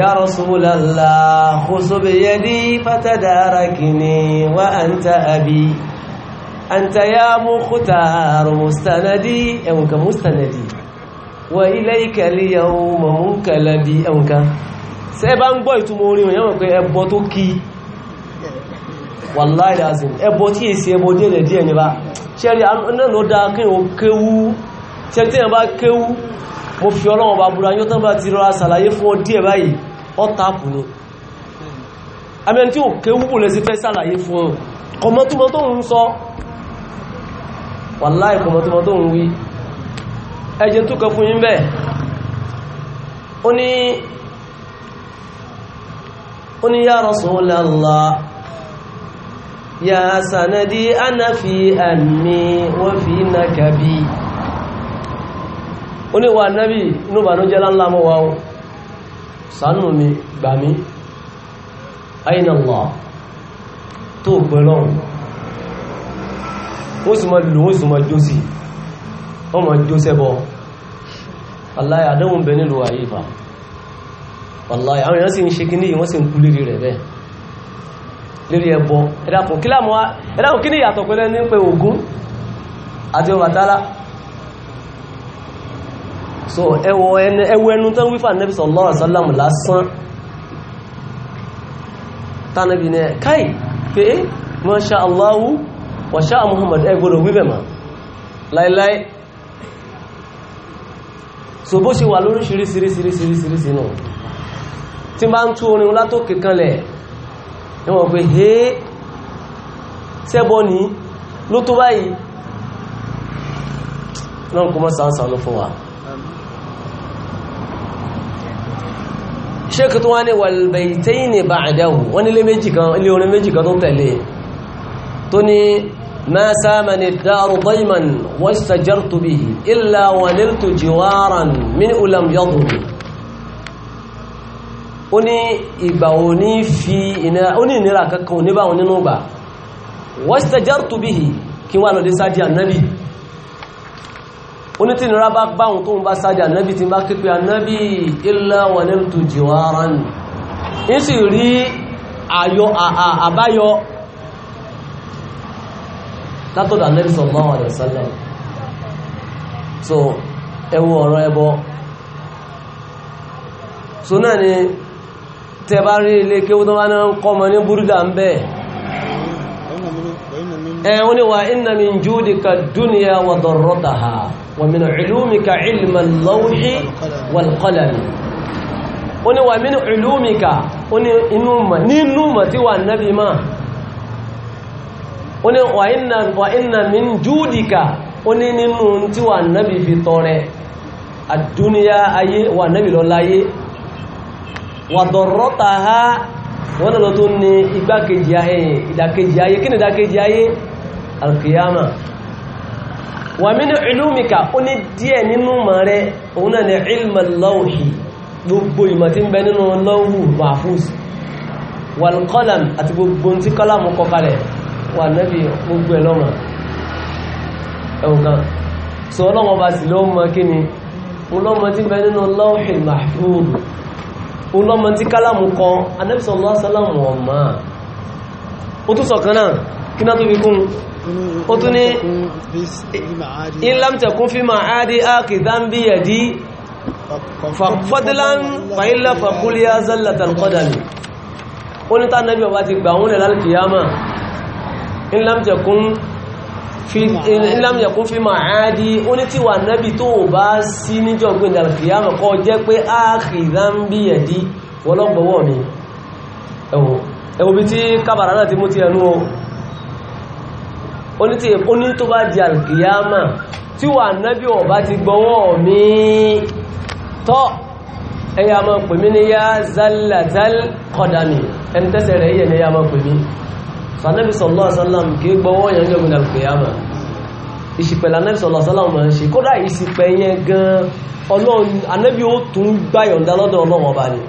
ya Rasulullah khusu bi yadi fatadarakini wa anta abi anta ya mukhtar mustanadi ẹ̀wọ̀n mustanadi wọ ilé ìkẹ̀lẹ̀ ohun mọ̀múnkẹ̀lẹ̀ bí ẹnkan ṣe bá ń gbọ́ ìtumọ̀ orin òyìn ya pé ẹbọ tó kí wallahi lazim ẹbọ tí èsì ẹbọ díẹ̀ díẹ̀ ní bá ṣẹ́rí náà ló o mo fi ti ọ kọmọtúmọ tó ń sọ kọmọtúmọ tó ń wí ẹjẹ́ tó kọ fún yín bẹ́ẹ̀ ó ní ó ní ya Rasulallah ya sanadi ana fi anni wa fi nakabi ó ní wà nábi inú bànújẹ́ láńlá mọ́ wa ó sánú mi gbà mí aina Allah tó pẹ̀lọ́run ó sì mọ́ lò ó sì mọ́ jósì wọ́n ma jó sẹ́bọ̀ aláì àdéhùn bẹ nílùú ayé ìfà si àwọn èèyàn sì ń ṣe kí níyì wọ́n sì ń kú lérí rẹ̀ bẹ́ẹ̀ lérí ẹbọ ẹ̀dàkùn kí ní ìyàtọ̀ pẹ̀lẹ́ ní pé Ògún àti Ọbàtálá so ẹwọ ẹnu tán wífà nẹ́bí sọ̀lọ́rọ̀ sálàmù lásán tánàbí káì pé ma sha Allahu wa Muhammad ẹgbọ́dọ̀ wíbẹ̀ ma láíláí so bó ṣe wà lóríṣiríṣiríṣiríṣiríṣi nù tí bá ń tú orin látòkè kanlẹ̀ ni wọ́n pé hé sẹ́bọ̀ ní ló tó báyìí náà kò mọ́ sáńsà ló fún wa ṣékù tó wá ní wàlbẹ̀ìtẹ́yìn ní ba'dahu wọ́n nílé méjì kan ilé orin méjì kan tó tẹ̀lé tó ní ما سامن الدار ضيما واستجرت به إلا ونلت جوارا من ألم يضرب ó ní ìgbà ò ní fi ìnira ó ní ìnira kankan ò ní bá wọn nínú gbà wastajartu bihi kí wà lọ́dé sáájì ànábì ó ní tí ìnira bá bá tó ń bá sáájì ànábì tí bá képe ànábì illa waniltu jiwaran ní sì rí àbáyọ látọ̀dọ̀ Ànábì sallallahu alaihi wasallam so ẹwọ ọ̀rọ̀ ẹbọ so náà ni tẹ bá rí ilé kéwú tó bá náà ń kọ́ mọ ní búrúdà ń bẹ́ẹ̀ ẹ̀wọ́n ni wà inna min júdìka dúnìyà wà darrataha wà min ulúmika ilma al-lawhi wal-qalami ó ní wà min ulúmika ó ní inú mọ̀ tí wà nábì máa ó ní wà iná min júdìkà ó ní nínú tí wà nábi fi tọrẹ àdúníyà ayé wà nábi lọ láyé wà dọ̀rọ́ta ha wọ́n lọ tó ní igbákejì ayé ìdàkejì ayé kí ni ìdàkejì ayé alkiyama wà mí ní ìlúmìkà ó díẹ̀ nínú mọ̀ rẹ òun náà ní ilmọ̀lọ́wì gbogbo ìmọ̀ tí ń bẹ nínú lọ́wù mahfuz wal àti gbogbo tí kọ́lámù kọkalẹ̀ ọ̀pọ̀ ànábì gbogbo ẹ̀ lọ́mọ ẹ̀wọ̀n kan sọ ọlọ́mọ bá sì ló mọ kí ni ọlọ́mọ tí bẹ nínú lawhil mahfuz ọlọ́mọ tí kálámù kan ànábì sallallahu alaihi wasallam ọ̀mà ó tún sọ̀kan náà kí náà tó fi kún ó tún ní in lam ọba ti gbà wọn lè lálùkìyàmà in lam yakun fi ma'adi ó ní tí wà nábi tó bá sí níjọ́ gbé ìdàlùkìyàmọ̀ kọ́ jẹ́ pé áàkìdán bí ẹ̀dí wọ́lọ́gbọ̀wọ́ mi ẹ̀wọ̀ bí tí kábàrà náà ti mú ti ẹnu ó ní tí ó ní tó bá di àlùkìyàmọ̀ tí wà nábi ó bá ti gbọ́wọ́ mi tọ́ ẹ̀yà mọ̀ pèmí sanabi sallallahu alaihi wasallam kì í gbọ́wọ́ yẹn ní omi alqiyama ìṣìpẹ̀ lànàbì sallallahu alaihi wasallam máa ń ṣe kódà ìṣìpẹ̀ yẹn gan ọlọ́run anábì ó tún gbáyọ̀ǹda lọ́dọ̀ ọlọ́run ọba ni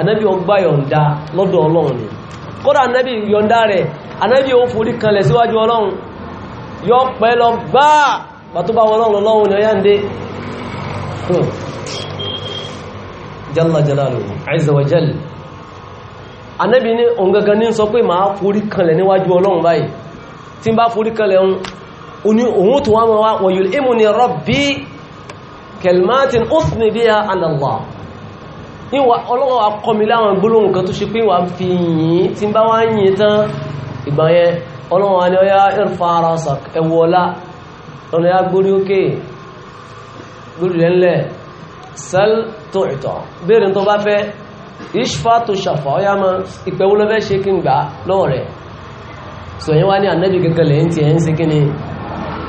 anábì ó gbáyọ̀ǹda lọ́dọ̀ ọlọ́run ni kódà anábì yọ̀ǹda rẹ̀ anábì ó forí kanlẹ̀ síwájú ọlọ́run yọ pẹ́ lọ gbáà bàtó bá ọlọ́run ọlọ́run ni ọyá ń dé jalla jalaluhu azza wa jalla anẹ́bí ní ọ̀gangan ní sọ pé máa forí kanlẹ̀ níwájú ọlọ́run báyìí tí n bá forí kanlẹ̀ ní òun tó wá wọ́n wọ́n yìí mú ni rabbi kelmatin uthni biha ala Allah níwà ọlọ́wọ́ akọmi láwọn gbólóhùn kan tó ṣe pé wà fi yìí tí bá wá ìṣfà tó ṣàfà ọ̀yá mọ́ ìpẹ̀wó lọ́fẹ́ ṣe kí n gbà lọ́wọ́ rẹ̀ sọ̀yìn wá ní ànábì kankan lẹ́yìn tí ẹ̀ ń ṣe kí ni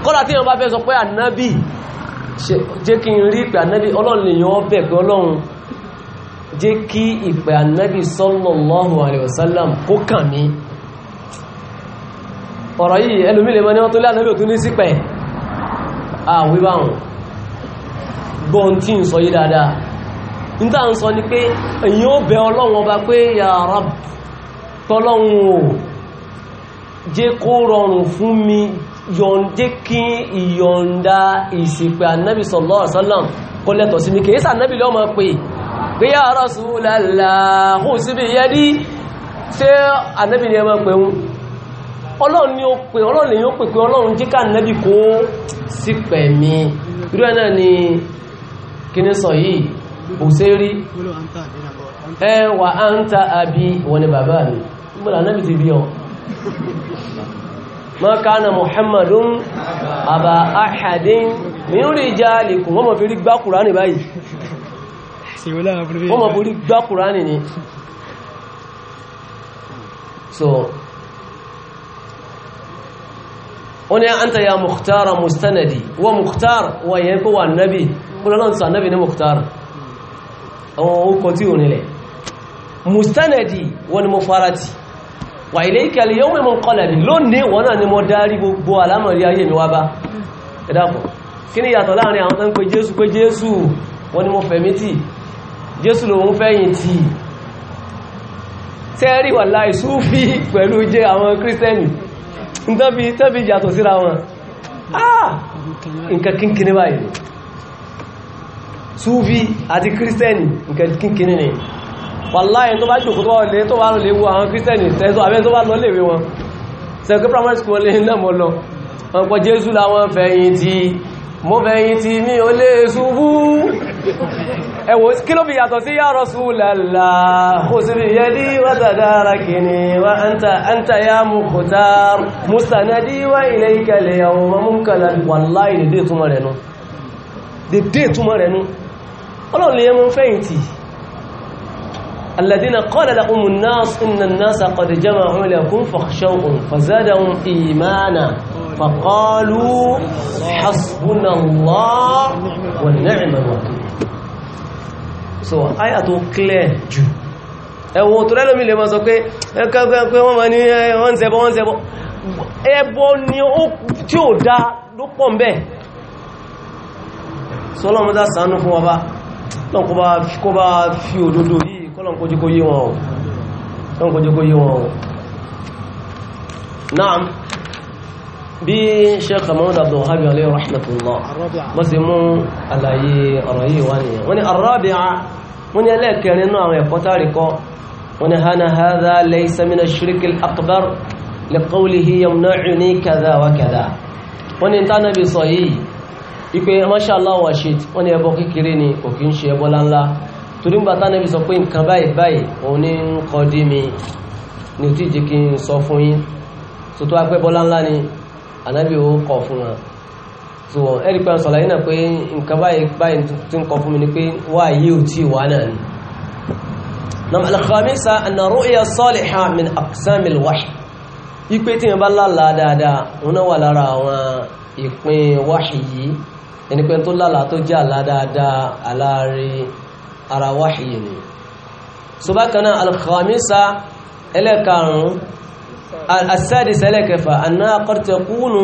kọ́lá tí wọ́n bá fẹ́ sọ pé ànábì jẹ́ kí n rí ìpè ànábì ọlọ́run lèyàn ọbẹ̀ pé sallallahu alaihi wasallam kó kàn mí ọ̀rọ̀ yìí ẹlòmílẹ̀ mọ́ ní wọ́n tó lé ànábì òtún ní tí ń sọ yí dáadáa níta ń sọ ni pé èyí ó bẹ ọlọ́run ọba pé ya Rabb tọ́lọ́run ò jẹ́ kó rọrùn fún mi yọ̀ǹdé kí ìyọ̀ǹda ìsìnkú ànábì sallallahu alaihi wasallam kó lẹ́tọ̀ sí mi kìí sànábì lọ́mọ pé pé ya Rasulallah sí pẹ̀mí irú ni sọ yìí kò sí rí ẹ wà á ń ta àbí wọn ni bàbá mi gbọ́dọ̀ anábì ti bí ọ ma kana muhammadun aba ahadin min rijalikum rí gbá kùránì wọ́n mọ̀ fi rí gbá kùránì ni so wani anta ya mukhtara mustanadi wa mukhtar wa yanku wa annabi kullun sa annabi ne mukhtar àwọn orúkọ tí ò nílẹ̀ mustanadi wọn ni mo fara ti wà ilé ìkẹlẹ̀ yóò mẹ́mọ̀ kọlẹ̀ ní lónìí wọn náà ni mo darí gbogbo alámọ̀rí ayé mi wá bá ẹ̀dàpọ̀ kí ni yàtọ̀ láàrin àwọn tó ń pe jésù pé jésù wọn ni mo fẹ̀mí tì jésù lòun fẹ̀yìn tì tẹ́rí wà láì súfí pẹ̀lú jẹ́ àwọn kírísítẹ́nì tọ́bi yàtọ̀ síra wọn ah nǹkan súfí àti kírísítẹ́nì nkẹ́kínkínní ni wàláyé tó bá jòkó tó wà lè tó wà lè wo àwọn kírísítẹ́nì tẹ́sọ́ àbẹ́ tó bá lọ lè wé wọn sẹ́kẹ́ primary school lè náà mọ́ lọ wọn pọ̀ jésù láwọn fẹ̀yìn tí mo fẹ̀yìn tí mi ò lè ṣubú ẹwọ kí ló fi yàtọ̀ sí ya Rasulallah kò sí fi wa anta anta ya mukhtar mustanadi wa ilayka al-yawma munkalal wàláyé dédé túmọ̀ rẹ̀ nú ọlọ́run lè mú fẹ́yìntì alladhina الناس lahumu an-nas inna an-nasa qad jama'u lakum fakhshawhum fazadahum imana faqalu hasbunallah wa ni'mal wakeel so aya tó clear jù ẹ̀wọ̀n tó lẹ́lọ́mí lè máa sọ pé ẹkẹ́kẹ́ pé wọ́n ma ní wọ́n ṣẹbọ wọ́n ṣẹbọ ẹbọ ni ó tí ó dá ló pọ̀ ń sọ́lọ́mọ́dá ṣàánú fún wa bá lọ́n kó bá fi òdodo yìí kọ́lọ̀n kó jẹ́ kó yé wọn o kó jẹ́ kó yé wọn o náà bí Sheikh Muhammad Abdul Wahhab alayhi rahmatullah wọ́n sì mú àlàyé ọ̀rọ̀ yìí wá nìyẹn wọ́n ni arrabi'a wọ́n ni ẹlẹ́ẹ̀kẹrin náà àwọn ẹ̀kọ́ tàrí wọ́n ni hana hadha laysa min ash-shirki al-akbar li qawlihi yamna'uni wa kadha wọ́n ni tánàbí sọ yìí ipe mashallah wa shit wọ́n ní ẹbọ kékeré ni kò kí ń ṣe ẹbọ láńlá torí ń bàtà níbi sọ pé nǹkan báyìí báyìí òun ní ń kọ́ dé mi ní ò tí jẹ́ kí n sọ fún yín tó tó apẹ́ bọ́lá ńlá ni ànábì ó kọ̀ fún wa so ẹ̀rí pé sọ̀lá yìí náà pé nǹkan báyìí báyìí tí ń kọ́ fún mi ni pé wà yí ò tí wà náà ni nam al-khamisa anna ru'ya saliha min aqsamil wahy ipe tí wọn ẹni pé tó lálà tó jẹ́ àlá dáadáa aláàrí ara wáhìí ni subakana alkhamisa ẹlẹ́karùn-ún asádìsẹ́ ẹlẹ́kẹfà aná akọ́tẹ̀kúnù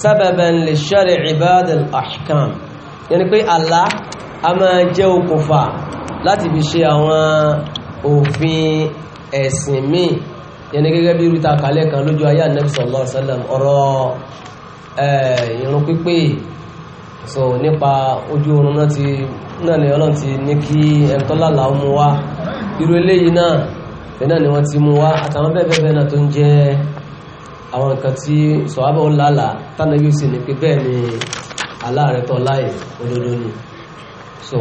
sábàbàn lè ṣẹ́rẹ̀ ibadal ahkam yẹni pé àlá a máa jẹ́ okùnfà láti fi ṣe àwọn òfin ẹ̀sìn míì yẹni gẹ́gẹ́ bí rúta kalẹ̀ pípé so nípa ojú oorun náà ti náà ni ọlọ́run ti ní kí ẹ̀ńtọ́lálà ó mú wá irú eléyìí náà bẹ́ẹ̀ náà ni wọ́n ti mú wá àtàwọn bẹ́ẹ̀ bẹ́ẹ̀ náà tó ń jẹ́ àwọn nǹkan tí sọ̀hábọ̀ ń tánà yóò sì ní pé bẹ́ẹ̀ ni aláàrẹ̀ tọ́ láì òdodo ni so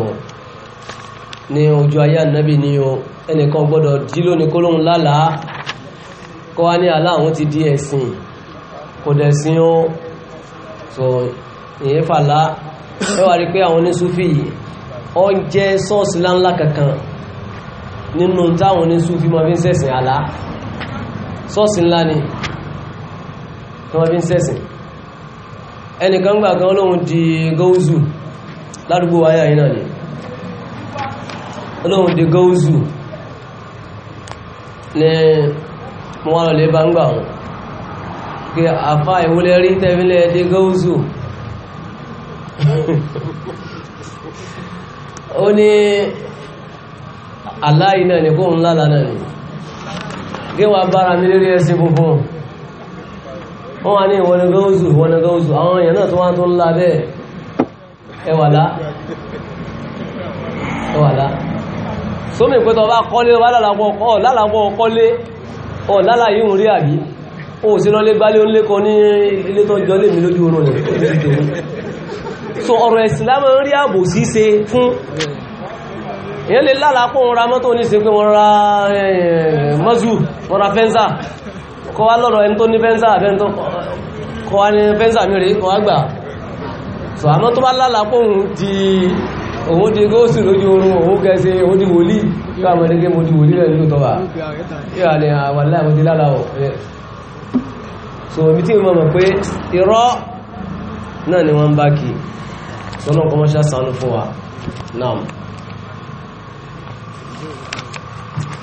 ní ojú ayé ànábì ni o ẹnìkan gbọ́dọ̀ dí lónìí kó lóun lálà kọ́ wá ní aláàwọn ti di ẹ̀sìn kò dẹ̀ sin ó so ìyẹn fàlá ẹ wà rí pé àwọn onísúfì yìí ọ ń jẹ́ sọ́ọ̀sì láńlá kankan nínú táwọn onísúfì máa fi ń sẹ̀sìn àlá sọ́ọ̀sì ńlá ni tí wọ́n fi ń sẹ̀sìn ẹnìkan gbà kan olóhun di gọ́ọ̀zù ládùúgbò wáyà yìí náà ni olóhun di gọ́ọ̀zù ní mo wá lọ lè bá ń gbà wọn pé àfá ìwúlẹ̀ rí tẹ́fílẹ̀ di gọ́ọ̀zù ó ní aláì náà ní kóhun lálàá náà ni gíwà bára mi lérí ẹsẹ funfun wọ́n wá ní ìwọ̀n gáúzù wọ́n gáúzù àwọn èèyàn náà tó wá tó ń la bẹ́ẹ̀ ẹwàlá ẹwàlá sómi ìpẹ́tọ̀ bá kọ́lé lálàpọ̀ kọ́lé ọ̀ lálà yìí ń rí àbí ó sì lọ lé gbálé ó ń lékọ ní ilé tó jọ lè mi so ọ̀rọ̀ ẹ̀sìn lámọ́ ń rí ààbò ṣíṣe fún èyàn lè lára pọ̀ wọn ra mọ́tò ní ṣe pé wọ́n ra mọ́sù wọ́n ra fẹ́ńsà kọ́ wá lọ́rọ̀ ẹni tó ní fẹ́ńsà àbẹ́ntọ́ kọ́ wá ní fẹ́ńsà mi kọ́ wá gbà so àmọ́ tó bá lára pọ̀ òun di òun di góòsù lójú oorun òun gẹ̀ẹ́sẹ̀ òun di wòlíì yóò àmọ́ ẹni gé mo di wòlíì rẹ̀ nínú tọ́ba so omi tí mo mọ̀ pé irọ́ náà ni wọ́n bá kì sọ́nà kọ́mọ́ ṣe àṣánú fún wa náà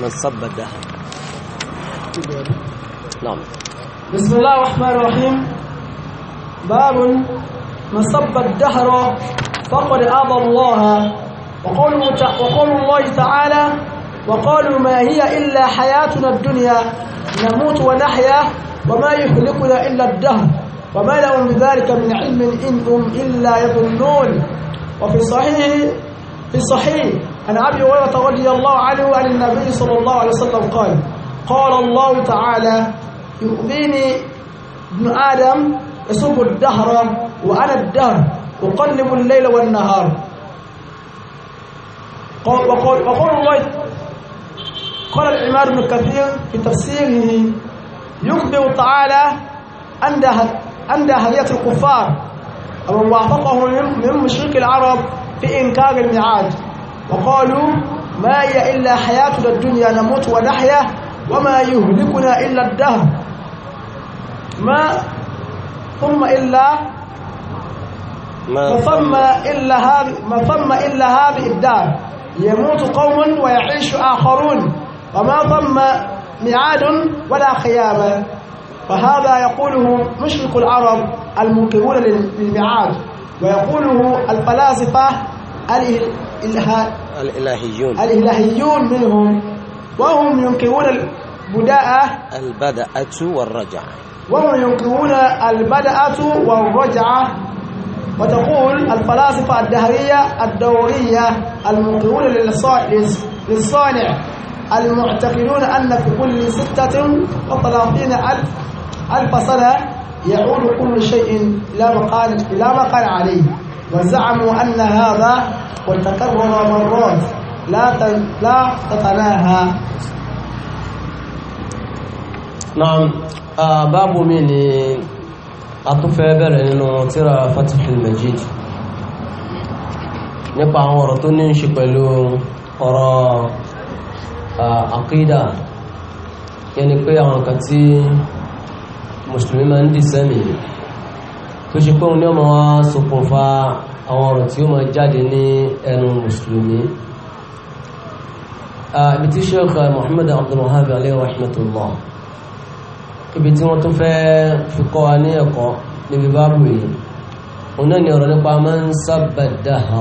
masabada náà bismillah rahman rahim babun masabadahara faqad aba allah وقول الله تعالى وقالوا ما هي إلا حياتنا الدنيا نموت ونحيا وما يهلكنا إلا الدهر وما لهم بذلك من علم إن هم إلا يظنون وفي صحيح في صحيح عن أبي هريرة رضي الله عنه عن النبي صلى الله عليه وسلم قال قال الله تعالى يؤذيني ابن آدم يسب الدهر وأنا الدهر أقلب الليل والنهار وقول, وقول الله قال العماد بن كثير في تفسيره يخبر تعالى أن عند هدية الكفار ومن وافقهم من مشرك العرب في إنكار الميعاد وقالوا ما هي إلا حياتنا الدنيا نموت ونحيا وما يهلكنا إلا الدهر ما ثم إلا ما ثم إلا هذه ما ثم إلا هذه الدار يموت قوم ويعيش آخرون وما ثم ميعاد ولا خيامه فهذا يقوله مشرق العرب المنكرون للميعاد ويقوله الفلاسفة الإلهيون الإلهيون منهم وهم ينكرون البداءة البدأة والرجعة وهم ينكرون البدأة والرجعة وتقول الفلاسفة الدهرية الدورية المنكرون للصانع المعتقدون أن في كل ستة وثلاثين ألف الفصل سنة يعود كل شيء لا مقال لا مقال عليه وزعموا أن هذا والتكرر مرات لا لا تتناها نعم آه باب من أطفى بر إنه ترى فتح المجيد nípa àwọn ọ̀rọ̀ tó ní ń ṣe pẹ̀lú ọ̀rọ̀ àkídà yẹni mùsùlùmí máa ń dì sẹ́mì tó ṣe pé òun ní ọmọ wa ṣokùnfà àwọn ọ̀rọ̀ tí ó máa jáde ní ẹnu mùsùlùmí ibi tí sheikh muhammad abdulwahab alayhi rahmatullah ibi tí wọ́n tún fẹ́ fi kọ́ wa ní ẹ̀kọ́ níbi báàbù yìí òun náà ni ọ̀rọ̀ nípa man sabba dahra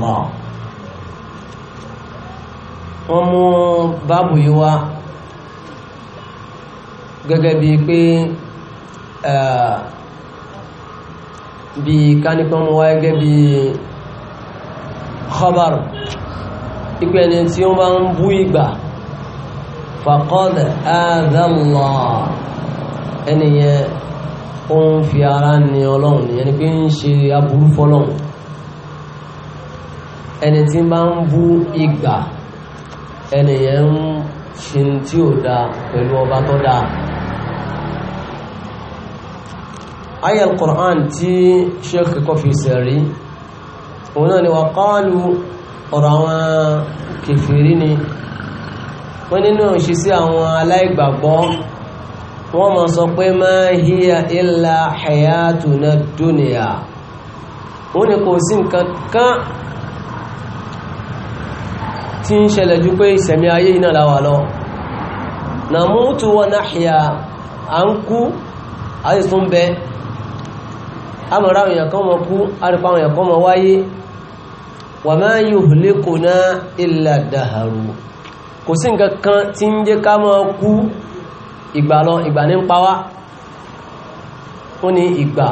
wọ́n mú báàbù yìí wá gẹ́gẹ́ bíi pé bí káníkan mọ́ wáyé gẹ́ bí khabar ipe ẹni tí ó máa ń bú ìgbà faqad adalla ẹniyẹn ó ń fi ara ní ọlọ́run ní ẹni pé ń ṣe aburú fọ́lọ́run ẹni tí máa ń bú ìgbà ẹniyẹn ń ṣe tí ò da pẹ̀lú ọba tó dáa aya al-Qur'an tí sheikh kọfí sẹ̀rí òun náà ni wà kọ́ọ̀lù ọ̀rọ̀ àwọn kèfèrí ni wọ́n nínú òṣìṣẹ́ àwọn aláìgbàgbọ́ wọ́n máa sọ pé ma hiya illa hayatuna dunya wọ́n ni kò sí nǹkan tí ń ṣẹlẹ̀ ju pé ìṣẹ̀mí ayé iná láwà lọ namutu wa nahya à ń kú àti tún bẹ́ẹ̀ àmọ̀rá àwọn èèyàn kan mọ̀ kú àrípa àwọn èèyàn kan mọ̀ wáyé wà máa yuhlikuna illa dàhàrù kò sí nǹkan kan tí ń jẹ́ ká mọ̀ kú ìgbà lọ ìgbà ní ń pa wá ó ní ìgbà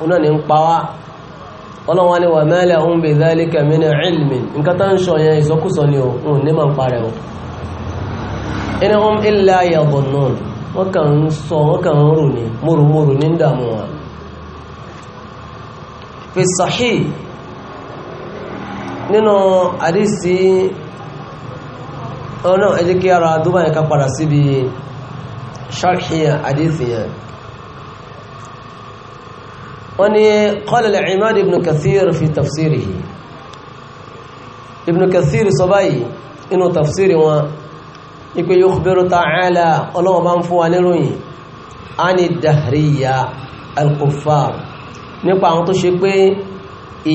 ó náà ní ń pa wá ọlọ́wọ́ ni wà ma lahum bi dhalika min ilmin nǹkan tó ń sọ yẹn ìsọkúsọ ni ò ń ní máa ń parẹ́ o in hum illa yadhunnun wọ́n kàn ń sọ wọ́n kàn ń rò ní mòròmòrò ní ń dààmú wọn fi sahih nínú àdísí ọ̀nà oh ẹjẹ́ kí ara dúbà yẹn ká padà síbi ṣarhi àdísí yẹn wọ́n ni qala al-Imad ibn Kathir fi tafsirihi ibn Kathir sọ báyìí inú tafsiri wọn ipe yukhbiru ta'ala ọlọ́wọ́ bá ń fún wa níròyìn ani nípa àwọn tó ṣe pé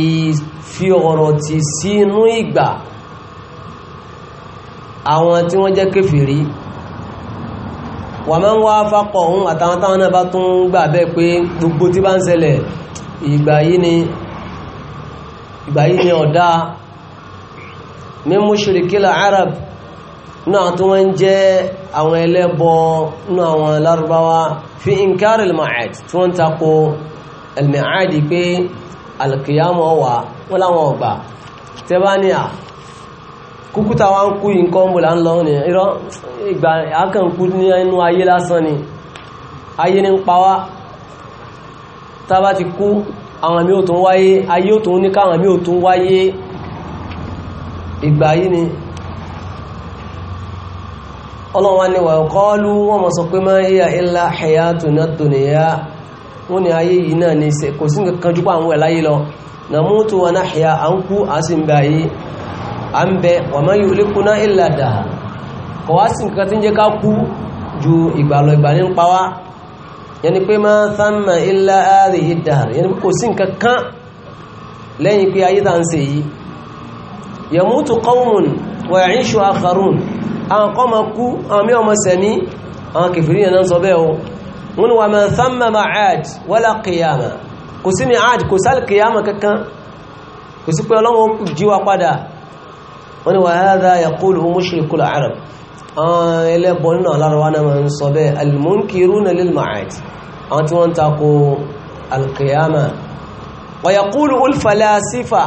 ìfi ọ̀rọ̀ tì sínú ìgbà àwọn tí wọ́n jẹ́ kèfèrí wà máa ń wá fápọ̀ ohun àtàwọn táwọn náà bá tún gbà bẹ́ pé gbogbo tí bá ń ṣẹlẹ̀ ìgbà yìí ni ọ̀dá mímú ṣirikílà arab náà tó wọ́n jẹ́ àwọn ẹlẹ́bọ náà àwọn lárúbáwá fi inkaril ma'ad tí wọ́n tako ẹ̀lmẹ̀áàdì pé alkiyamọ̀ wà wọ́n láwọn ọgbà tẹ́ bá ní à kúkúta wá ń kú nǹkan mú là ń lọ ní irọ́ ìgbà akẹ́kù ní inú ayé lásán ni ayé ní ń pa wá tá bá ti kú àwọn mí ò tún wáyé ayé ò tún ni ọlọ́wọ́n ni wọ́n mọ̀ sọ pé máa ń yíya illa hayatuna dunya wọ́n ni ayé yìí náà ní ìsẹ̀ kò sí nǹkan jùpá àwọn ẹ̀láyé lọ namutu wa nahya à ń kú à sì ń bẹ ayé à ń bẹ wa ma yulikuna illa daha kò wá sí nǹkan tí ń jẹ́ ká kú ju ìgbàlọ ìgbà ní ń pa wá yẹni pé ma thamma illa hadhihi dahr yẹni pé kò sí nǹkan kan lẹ́yìn pé ayé tá wọ́n wà man thamma ma'ad wala qiyama kò sí mi'ad kò sal qiyama kankan kò sí pé ọlọ́run jíwa padà wọ́n ni wa hadha yaqulu mushrikul arab àwọn ẹlẹ́bọn nínú alárọwá náà ma ń sọ bẹ́ẹ̀ al-munkiruna lil ma'ad àwọn tí wọ́n tako al-qiyama wa yaqulu al-falasifa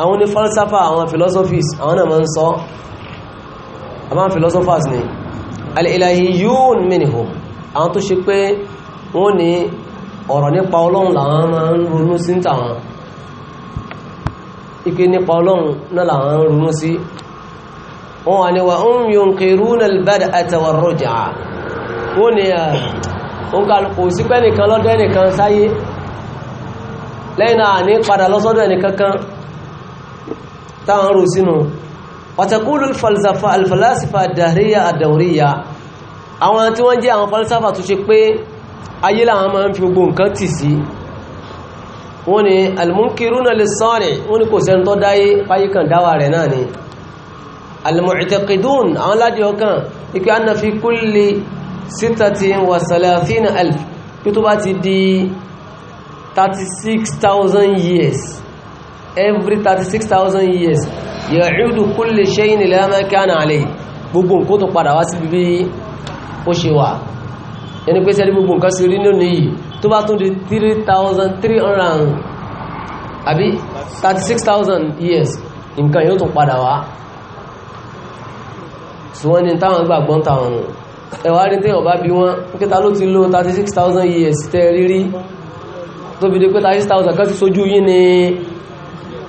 àwọn falsafa àwọn philosophies àwọn náà ma ń philosophers ni al-ilahiyun minhum àwọn tó ṣe pé wọ́n ní ọ̀rọ̀ nípa ọlọ́run làwọn máa ń ronú sí tàwọn ike nípa ọlọ́run náà làwọn ń ronú sí wọ́n wà ní wa ń yunkiruna al-bad'ata war-ruj'a wọ́n ní eh, kò sí pé nìkan lọ́dọ̀ ẹnìkan sáyé lẹ́yìn náà ní padà lọ́sọ́dọ̀ ẹnìkan kan táwọn rò sínú wa al-falsafa al-falasifa ad àwọn tí wọ́n jẹ́ àwọn falsafa tó ṣe pé ayé láwọn máa ń fi gbogbo nǹkan tì sí wọ́n ni almunkiruna lis-sani wọ́n ni kò sẹ́ni tó dáyé fáyé kan dáwà rẹ̀ náà ni almu'taqidun àwọn ládìí ọkàn ikú anna fi sítàtí wa salatina kí tó bá ti di 36,000 years every 36,000 years ya'udu kulli shay'in ila ma kana alayhi gbogbo nǹkan tó padà wá sí bíbí ó ṣe wà ẹni pé sẹ́ni gbogbo nǹkan sí rí nínú yìí tó bá tún di 3,300 àbí 36,000 years nǹkan yóò tún padà wá ṣùgbọ́n ní táwọn gbàgbọ́n táwọn nù ẹ̀wà rí tẹ́yàn bá bí wọ́n kíta ló ti lò 36,000 years tẹ́ rírí tó fi di pé 36,000 kan ti sojú yín ni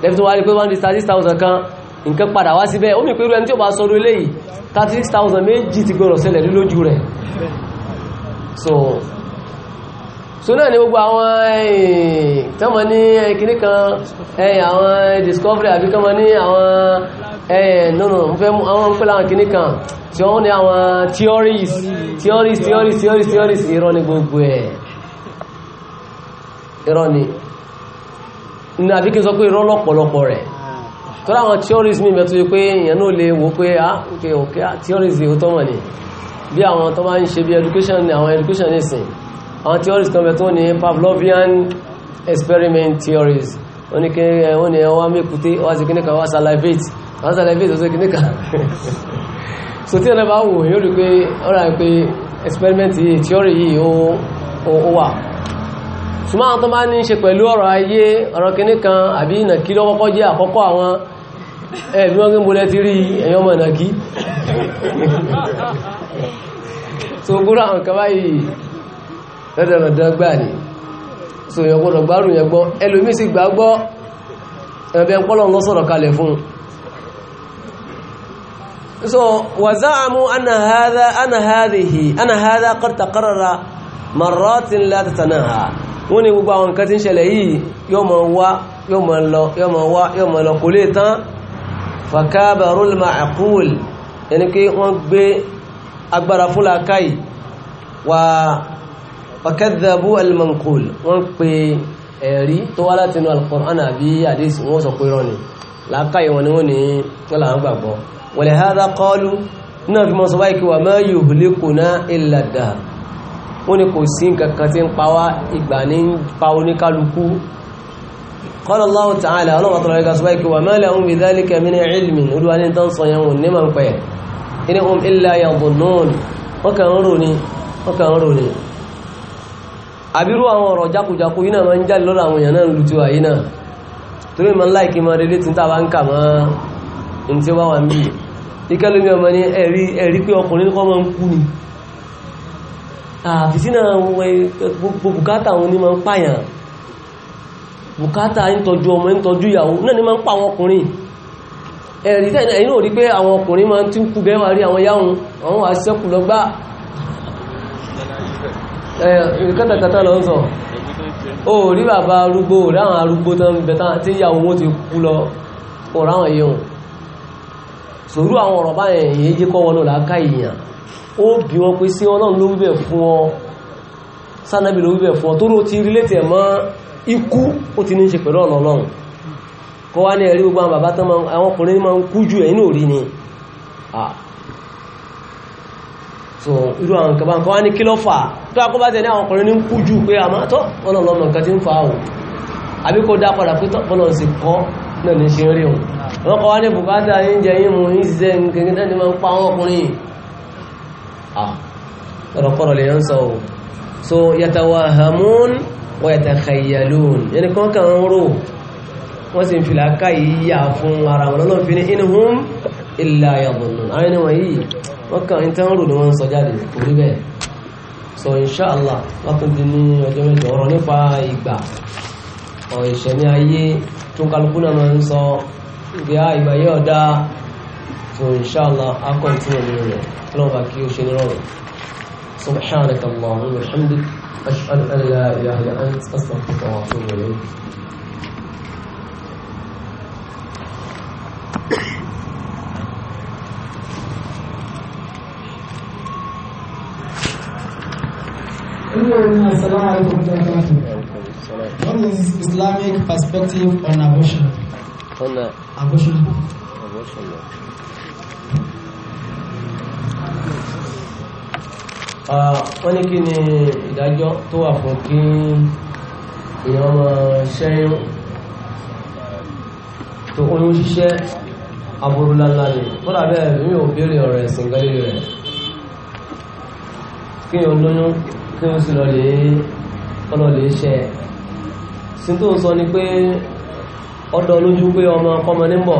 lẹ́fẹ́ tó wá rí pé wọ́n di 36,000 kan nǹkan padà wá síbẹ̀ omi mì pé irú ẹni tí ó bá sọ́rọ̀ eléyìí 36,000 méjì ti gbọ́rọ̀ sẹlẹ̀ lójú rẹ̀ so so náà ni gbogbo àwọn eh, tọ́mọ ní eh, kíní kan ẹ̀yìn eh, àwọn discovery àbí kọ́mọ ní àwọn ẹ̀yìn nínú àwọn ń pẹ́lá àwọn kíní kan tí wọ́n ní àwọn theories theories theories theories theories irọ́ ni gbogbo ẹ̀ irọ́ ni ní àbíkí sọ pé irọ́ lọ́pọ̀lọpọ̀ rẹ̀ tó láwọn theories mi mẹ́tò pé èèyàn náà lè wò pé ah ok ok ah, theories yìí ó tọ́ mọ̀ ni bí àwọn tó bá ń ṣe bí education ni àwọn education ní sìn àwọn theories kan mẹ́tò ní Pavlovian experiment theories wọ́n ní kí wọ́n ní wọ́n mẹ́kúté wọ́n sì kíníkà wọ́n salivate wọ́n salivate wọ́n sì kíníkà so tí ẹ̀nà bá wò experiment yìí theory yìí ó wà ṣùgbọ́n àwọn tó máa ní ṣe pẹ̀lú ọ̀rọ̀ ayé ọ̀rọ̀ kìíní kan àbí ìnàkí lọ́kọ́kọ́ jẹ́ àkọ́kọ́ àwọn ẹ̀bí wọ́n gín bolẹ́ ti rí ẹ̀yàn ọmọ ìnàkí so gúrò àwọn kan báyìí rẹ̀dẹ̀rẹ̀dẹ̀ gbà so èèyàn gbọ́dọ̀ gbárùn yẹn gbọ́ ẹlòmí sì gbàgbọ́ ẹ̀bẹ̀ pọ́lọ̀ lọ sọ̀rọ̀ wọ́n ní gbogbo àwọn nǹkan tí ń ṣẹlẹ̀ yìí yóò mọ̀ wá yóò mọ̀ lọ yóò mọ̀ wá yóò mọ̀ lọ kò lè tán fakabarul ma'qul ẹni pé wọ́n gbé agbára fúnla káì wà fakadhabu al-manqul wọ́n pe ẹ̀rí tó wá látinú al-Qur'an wọ́n ni kò sí nǹkankan tí ń pa wá ìgbà ní ń pa oníkálukú qala Allahu ta'ala ọlọ́wọ́ tọ́lọ́ ẹ̀ka sọ báyìí wa ma lahum bi dhalika min ilmin olúwa ní tán sọ yẹn wọn ní máa ń pẹ́ in hum illa yadhunnun wọ́n kàn ń rò ní wọ́n kàn ń rò ní. àbírú àwọn àfìsínà gbogbo bùkátà wọn ni ma ń pààyàn bùkátà ń ọmọ ń ìyàwó náà ni ma ń pa àwọn ọkùnrin ẹ̀rí tẹ́ẹ̀nà ẹ̀yìn òrí pé àwọn ọkùnrin ma ti ń kú bẹ́ẹ̀ wà rí àwọn yáhùn àwọn wà sẹ́kù lọ gbá kátàkátà lọ ń sọ ó rí bàbá arúgbó rí àwọn arúgbó tán bẹ̀tá tí ìyàwó wọn ti kú lọ ọ̀rọ̀ àwọn èèyàn sòrú àwọn ọ̀rọ̀ báyẹn ó bí wọn pé sí ọlọ́run ló wíbẹ̀ fún ọ sánàbí ló wíbẹ̀ fún ọ tó ló ti rílẹ̀tì ẹ̀mọ́ ikú ó ti ní ṣe pẹ̀lú ọ̀nà ọlọ́run kọ́ wá ní ẹ̀rí gbogbo àwọn bàbá tán àwọn ọkùnrin máa ń kú jù ẹ̀yìn òrí ni so irú àwọn nǹkan bá ń kọ́ wá ní kí ló fà tó akọ́bá tẹ̀ ní àwọn ọkùnrin ní ń kú jù pé àmọ́ tọ́ ọ̀nà ọlọ́mọ nǹkan ti ń fa òun àbí kó dá ọ̀rọ̀kọ́rọ̀ lè ń sọ o so yatawahamun wa yatakhayalun yẹni kan kan ń rò wọ́n sì ń fi làákà yìí yà fún ara wọn lọ́nà fi ní inhum illa yadhunnun àwọn ẹni wọ̀nyí wọ́n kàn ń tán rò ní wọ́n sọ jáde kò bẹ́ẹ̀ so inshallah wọ́n tún ní ọjọ́ mẹ́jọ ọ̀rọ̀ nípa ìgbà ọ̀rọ̀ ìṣẹ̀mí ayé tó kálukú náà máa ń sọ ìgbà ìgbà yóò dáa so inshallah akọ̀ tí wọ́n lè rẹ̀. ọlọ́run bá kí ó ṣe nírọ̀rùn subhanaka allahumma wa hamdik ashhadu an la ilaha illa anta astaghfiruka wa atubu ilayk What is Islamic perspective on abortion? On uh, abortion. Abortion. wọ́n ní kí ni ìdájọ́ tó wà fún kí èèyàn máa ṣẹ́yún tó oyún ṣíṣẹ́ aburú lánlá ni kódà bẹ́ẹ̀ mi ọ̀rọ̀ ẹ̀sìn gẹ́lẹ́ rẹ̀ kí èèyàn lóyún kí ó sì lọ lè ọlọ sí tó ń ni pé ọdọ lójú pé ọmọ ọkọmọ ní ń bọ̀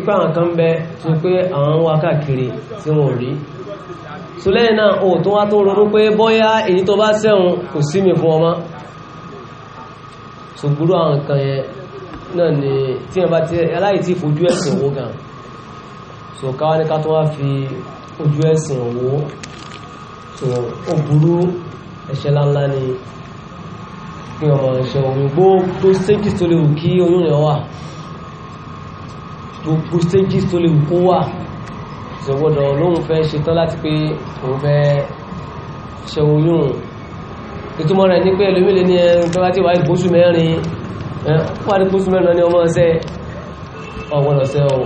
ipa àwọn kan bẹ tó pé àwọn wá káàkiri tí wọ́n rí so lẹ́yìn náà o tó wá tó ronú pé bọ́yá èyí tó bá sẹ́hun kò sí mi fún ọmọ so gbúrú àwọn kan yẹn náà ni tí wọ́n bá ti aláì tí fojú ẹ̀sìn owó gan so káwá ní ká tó wá fi ojú ẹ̀sìn owó so ó burú ẹ̀ṣẹ̀ láńlá ni kí ọmọ ẹ̀ṣẹ̀ òun gbó tó séjì tó léwu kí oyún rẹ̀ wà gbogbo stages tó lè kó wà ṣèwọ́dọ̀ lóun fẹ́ ṣetán láti pé òun fẹ́ ṣe oyún ìtumọ̀ rẹ̀ ní pé ẹlòmílẹ̀ ní ẹ̀rùn tó bá ti wà ní kóṣù mẹ́rin wà ní kóṣù mẹ́rin ní ọmọ ọ̀sẹ̀ ọ̀gbọ̀dọ̀ sẹ́ ọ̀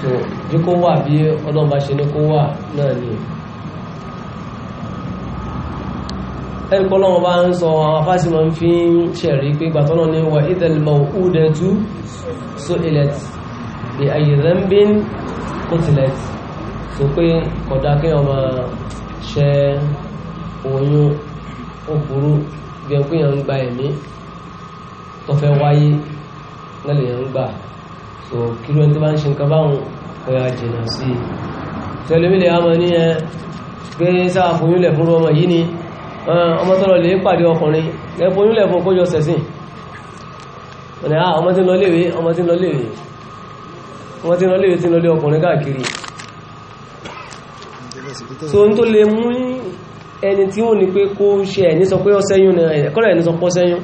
tó bí kó wà bí ọlọ́run bá ṣe ní kó wà náà ni ẹ̀kọ́ lọ́wọ́ bá ń sọ àwọn afásímọ̀ fi ń ṣẹ̀rí pé gbàtọ́nà ní wà ìdẹ̀lmọ̀ òdẹ̀tú so ilẹ̀ bí ayé zambin kutilet so pé kọ̀dá kí wọ́n máa ṣẹ́ oyún ó burú bí ẹn pé ń gba ẹ̀mí tó fẹ́ wáyé náà yẹn ń gbà so kí ló ń tó bá ń ṣe nǹkan báwọn ọ̀yà jìnnà sí i tẹlifílẹ̀ àmọ́ ní ẹ pé sáà fòyúnlẹ̀ fún ọmọ yìí ni ọmọ tọ́lọ lè pàdé ọkùnrin ẹ fòyúnlẹ̀ fún kójọ sẹ̀sìn ọmọ tí ń lọ léwe ọmọ tí ń lọ léwe wọ́n ti rọlé tí lọlé ọkùnrin káàkiri so n tó lè mú ẹni tí ó ní pé kó ṣe ẹni sọ pé ọ́sẹ́yún ẹ̀kọ́rẹ̀ ẹni sọ pọ́ sẹ́yún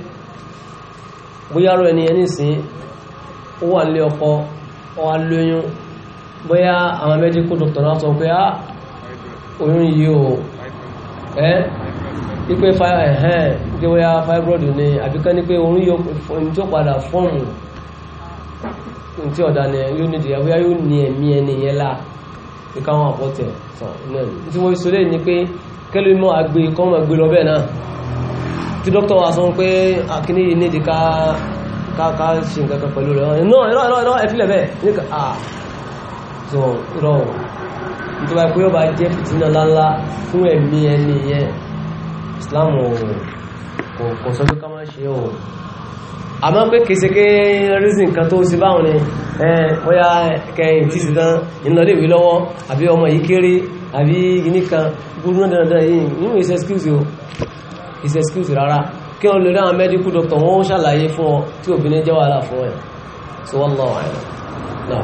bóyá rọ ẹni ẹni sí ó wà lé ọkọ ọwà lóyún bóyá àwọn medical doctor náà sọ pé ah oyún yìí o ẹ́ ipe ẹ̀hẹ́n ipe ni àbíkẹ́ ni pé oyún yóò tí ọ̀dà ni yóò ní ìdíyàwó yá yóò ní ẹ̀mí ẹni yẹn la pé káwọn àbọ̀tẹ̀ sàn náà ní tí wọ́n sọ lẹ́yìn ni pé kẹ́lẹ́ mọ́ agbe kọ́ mọ́ agbe lọ bẹ́ẹ̀ náà tí dókítà wa sọ pé akíní yìí ní ìdí ká ká ká ṣe nǹkan kan pẹ̀lú rẹ̀ ẹ̀ náà irọ́ irọ́ ẹ̀ fílẹ̀ bẹ́ẹ̀ ní ká sọ irọ́ nítorí pé yóò bá jẹ́ fìtínà àmọ́ pé kèsè ké reason kan tó sí báwọn ni ọya kẹyìn tí ìsìtàn ìlọléèwé lọ́wọ́ àbí ọmọ yìí kéré àbí gíní kan gúrú náà dandan yìí nínú is excuse o is excuse rárá kí wọ́n lórí àwọn medical doctor wọ́n ṣàlàyé fún ọ tí obìnrin jẹ́ wàhálà fún ẹ̀ so wọ́n lọ àìlọ náà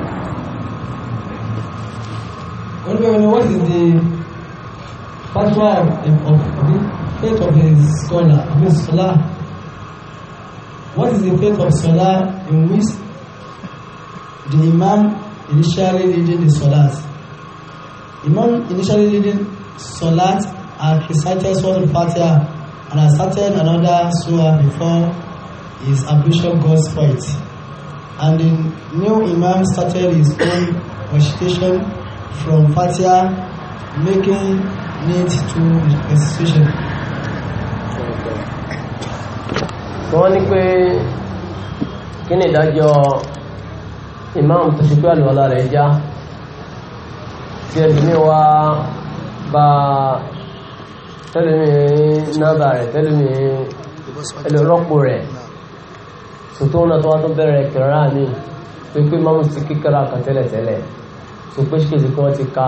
olùgbẹ̀wọ̀n ni what is the fatwa of the faith of scholar of his scholar What is the effect of salah in which the Imam initially leading the salat? Imam initially leading salat and recited Surah Al-Fatiha and recited another surah before his ablution God's fight. And the new Imam started his own recitation from Fatiha, making need to the recitation. wọ́n ní pé kí ni ìdájọ́ imam tó ṣe pé àlùwàlá rẹ̀ já tí ẹlùmí wá bá tẹ́lùmí náàbà rẹ̀ tẹ́lùmí ẹlùrọ́pù rẹ̀ sòtó náà tó wá tó bẹ̀rẹ̀ kẹrà ní pé pé imam ti kíkẹrà kan tó pé ṣèkèjì kí wọ́n ti a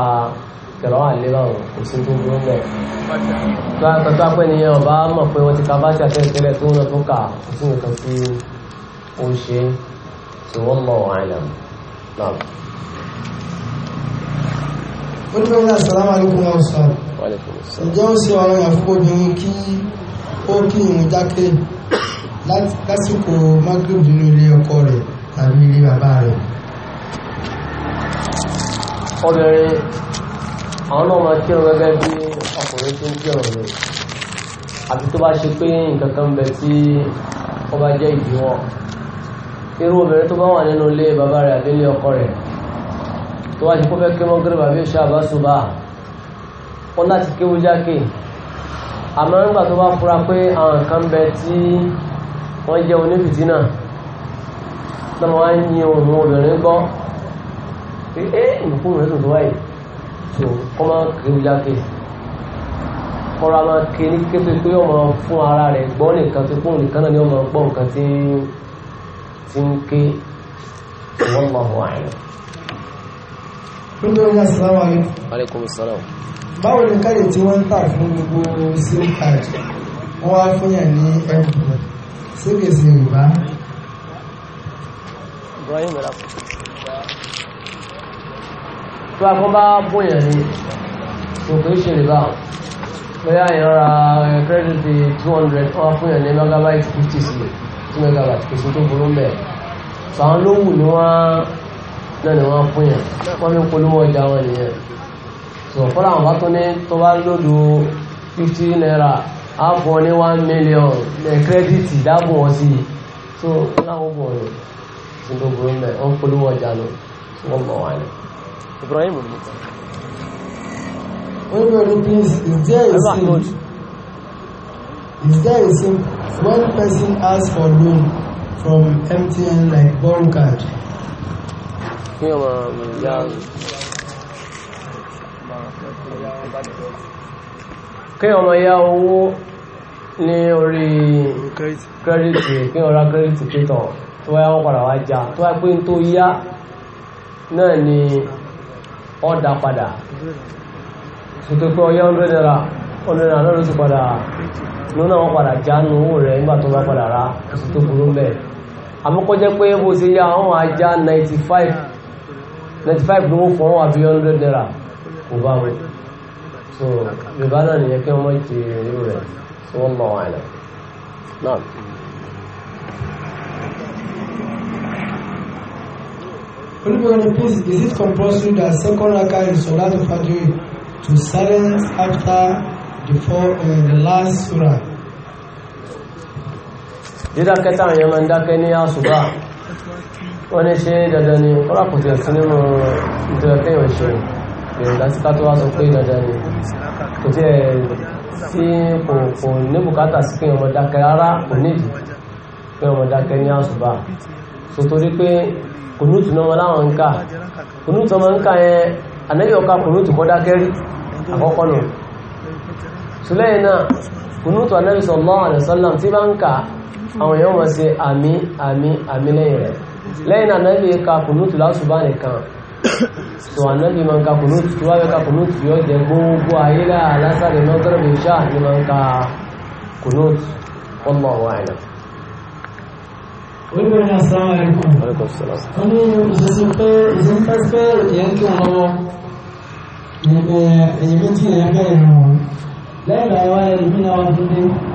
tọ́jú apẹ́ ni ọba mọ̀ pé wọ́n ti ka bájà tẹ́lẹ̀tẹ́lẹ̀ tó ń lọ tó kà kò sí nǹkan tí ó ń ṣe tí wọ́n mọ̀ wọ́n àìlẹ̀ náà. olùkọ́ni assalamu alaikum wa rahmatullahi ǹjẹ́ ó ṣe ọ̀rọ̀ yàn fún obìnrin kí ó kí ìrìn jákè lásìkò magrib nínú ilé ọkọ rẹ̀ tàbí ilé obìnrin àwọn náà máa kírun gẹ́gẹ́ bí ọkùnrin tó ń kírun ni àti tó bá ṣe pé nǹkan kan bẹ tí ó bá jẹ́ ìdíwọ́ irú obìnrin tó bá wà nínú ilé bàbá rẹ̀ àbí ilé ọkọ rẹ̀ tó wá ṣe kó fẹ́ kí wọ́n gẹ́rẹ́ bàbá ìṣe àbáṣubá wọn láti kéwu jákè àmọ́ nígbà tó bá fura pé àwọn kan bẹ tí wọ́n jẹ́ onífìtínà náà wọ́n á yin òun obìnrin gbọ́ pé ẹ́ ìrùkún rẹ̀ lòdó wáyé tó kọ́ máa kí ó yáké kọ́ra máa kí ní kété pé ọmọ fún ara rẹ̀ gbọ́ nìkan tó kún nìkan náà ni ọmọ gbọ́ nǹkan tí ń ké wọ́n máa wọ̀ àyàn. Nígbà yẹn asalaamu alaykum. Aleykum salaam. Báwo ni káyọ̀ tí wọ́n ń tà fún gbogbo SIM card? Wọ́n á fún yàn ní ẹ̀bùn. Ṣé Yorùbá? Ibrahim Bẹ̀rẹ̀ tó akọ́ bá bóyàn ni kò kì í ṣe rìbá bóyá ìrora kírẹ́dìtì two hundred wọn fún yàn ní megabyte fifty sí two megabyte kò sí tó burú mẹ́ sàwọn lówù ni wọ́n náà ni wọ́n fún yàn wọ́n fi polówó ọjà wọn nìyẹn so fọ́nà àwọn bá tó ní tó bá lòdù fifty naira á fún ọ ní one million credit dábò wọn sí so láwọn bọ̀ ọ̀rọ̀ sí tó burú mẹ́ wọ́n polówó ọjà lọ wọ́n bọ̀ wọn ni. Ibrahim ni When you repeat, is there a sin? Is there a sin when person asks for loan from MTN like bond card? Kí ọmọ ìyá kí ọmọ ya owó ní orí kírẹ́dìtì kí wọ́n ra kírẹ́dìtì pétọ̀ tó wáyé wọ́n padà wá já tó wáyé pé tó yá náà ni ọ̀dà padà ṣètò pé ọyọ́ ń rẹ̀ ra ọlọ́rin àná ló ti padà lónà wọn padà jánu owó rẹ̀ nígbà tó bá padà ra oṣù burú mẹ́ àmọ́kọ́ jẹ́ pé bó ṣe yá àwọn 95 95 ló fọ́ wọn 100 naira kò bá so náà nìyẹn Everybody, please, is it compulsory that second raka in Surah al-Fajr to silence after the, four, uh, the last surah? dídákẹ́ táwọn èèyàn máa ń dákẹ́ ní àṣùgbà wọ́n ní ṣe dandan ni kọ́lá kò tẹ̀ sí nínú ìtẹ̀lẹ̀kẹ́ ìwọ̀n ṣe ìrìn láti ká tó wá sọ pé dandan ni kò tí ẹ̀ sí kò ní bùkátà sí kí ọmọ dákẹ́ rárá kò nídìí kí ọmọ dákẹ́ ní àṣùgbà so torí pé kùnúùtù náà wọn láwọn ń ká kùnúùtù ọmọ ń ká yẹn ànábì ọ̀ká kùnúùtù kọ́dákẹ́rí àkọ́kọ́ nù ṣùlẹ́yìn náà kùnúùtù ànábì sallallahu alaihi wasallam tí bá ń ká àwọn èèyàn wọ́n ṣe àmì àmì àmì lẹ́yìn rẹ̀ lẹ́yìn náà ànábì ká kùnúùtù lásùbá nìkan so ànábì máa ń ka kùnúùtù tó wá fẹ́ ka kùnúùtù yóò jẹ gbogbo ayé láà lásàlẹ̀ lọ́gọ́rọ̀ Wípé ní asalaamu alaykum. Wọ́n ní ìṣesí pé ìṣesí pé pé ìyẹn kí wọn lọ́wọ́. Ìyẹn méjì ìyẹn bẹ́ẹ̀ rẹ̀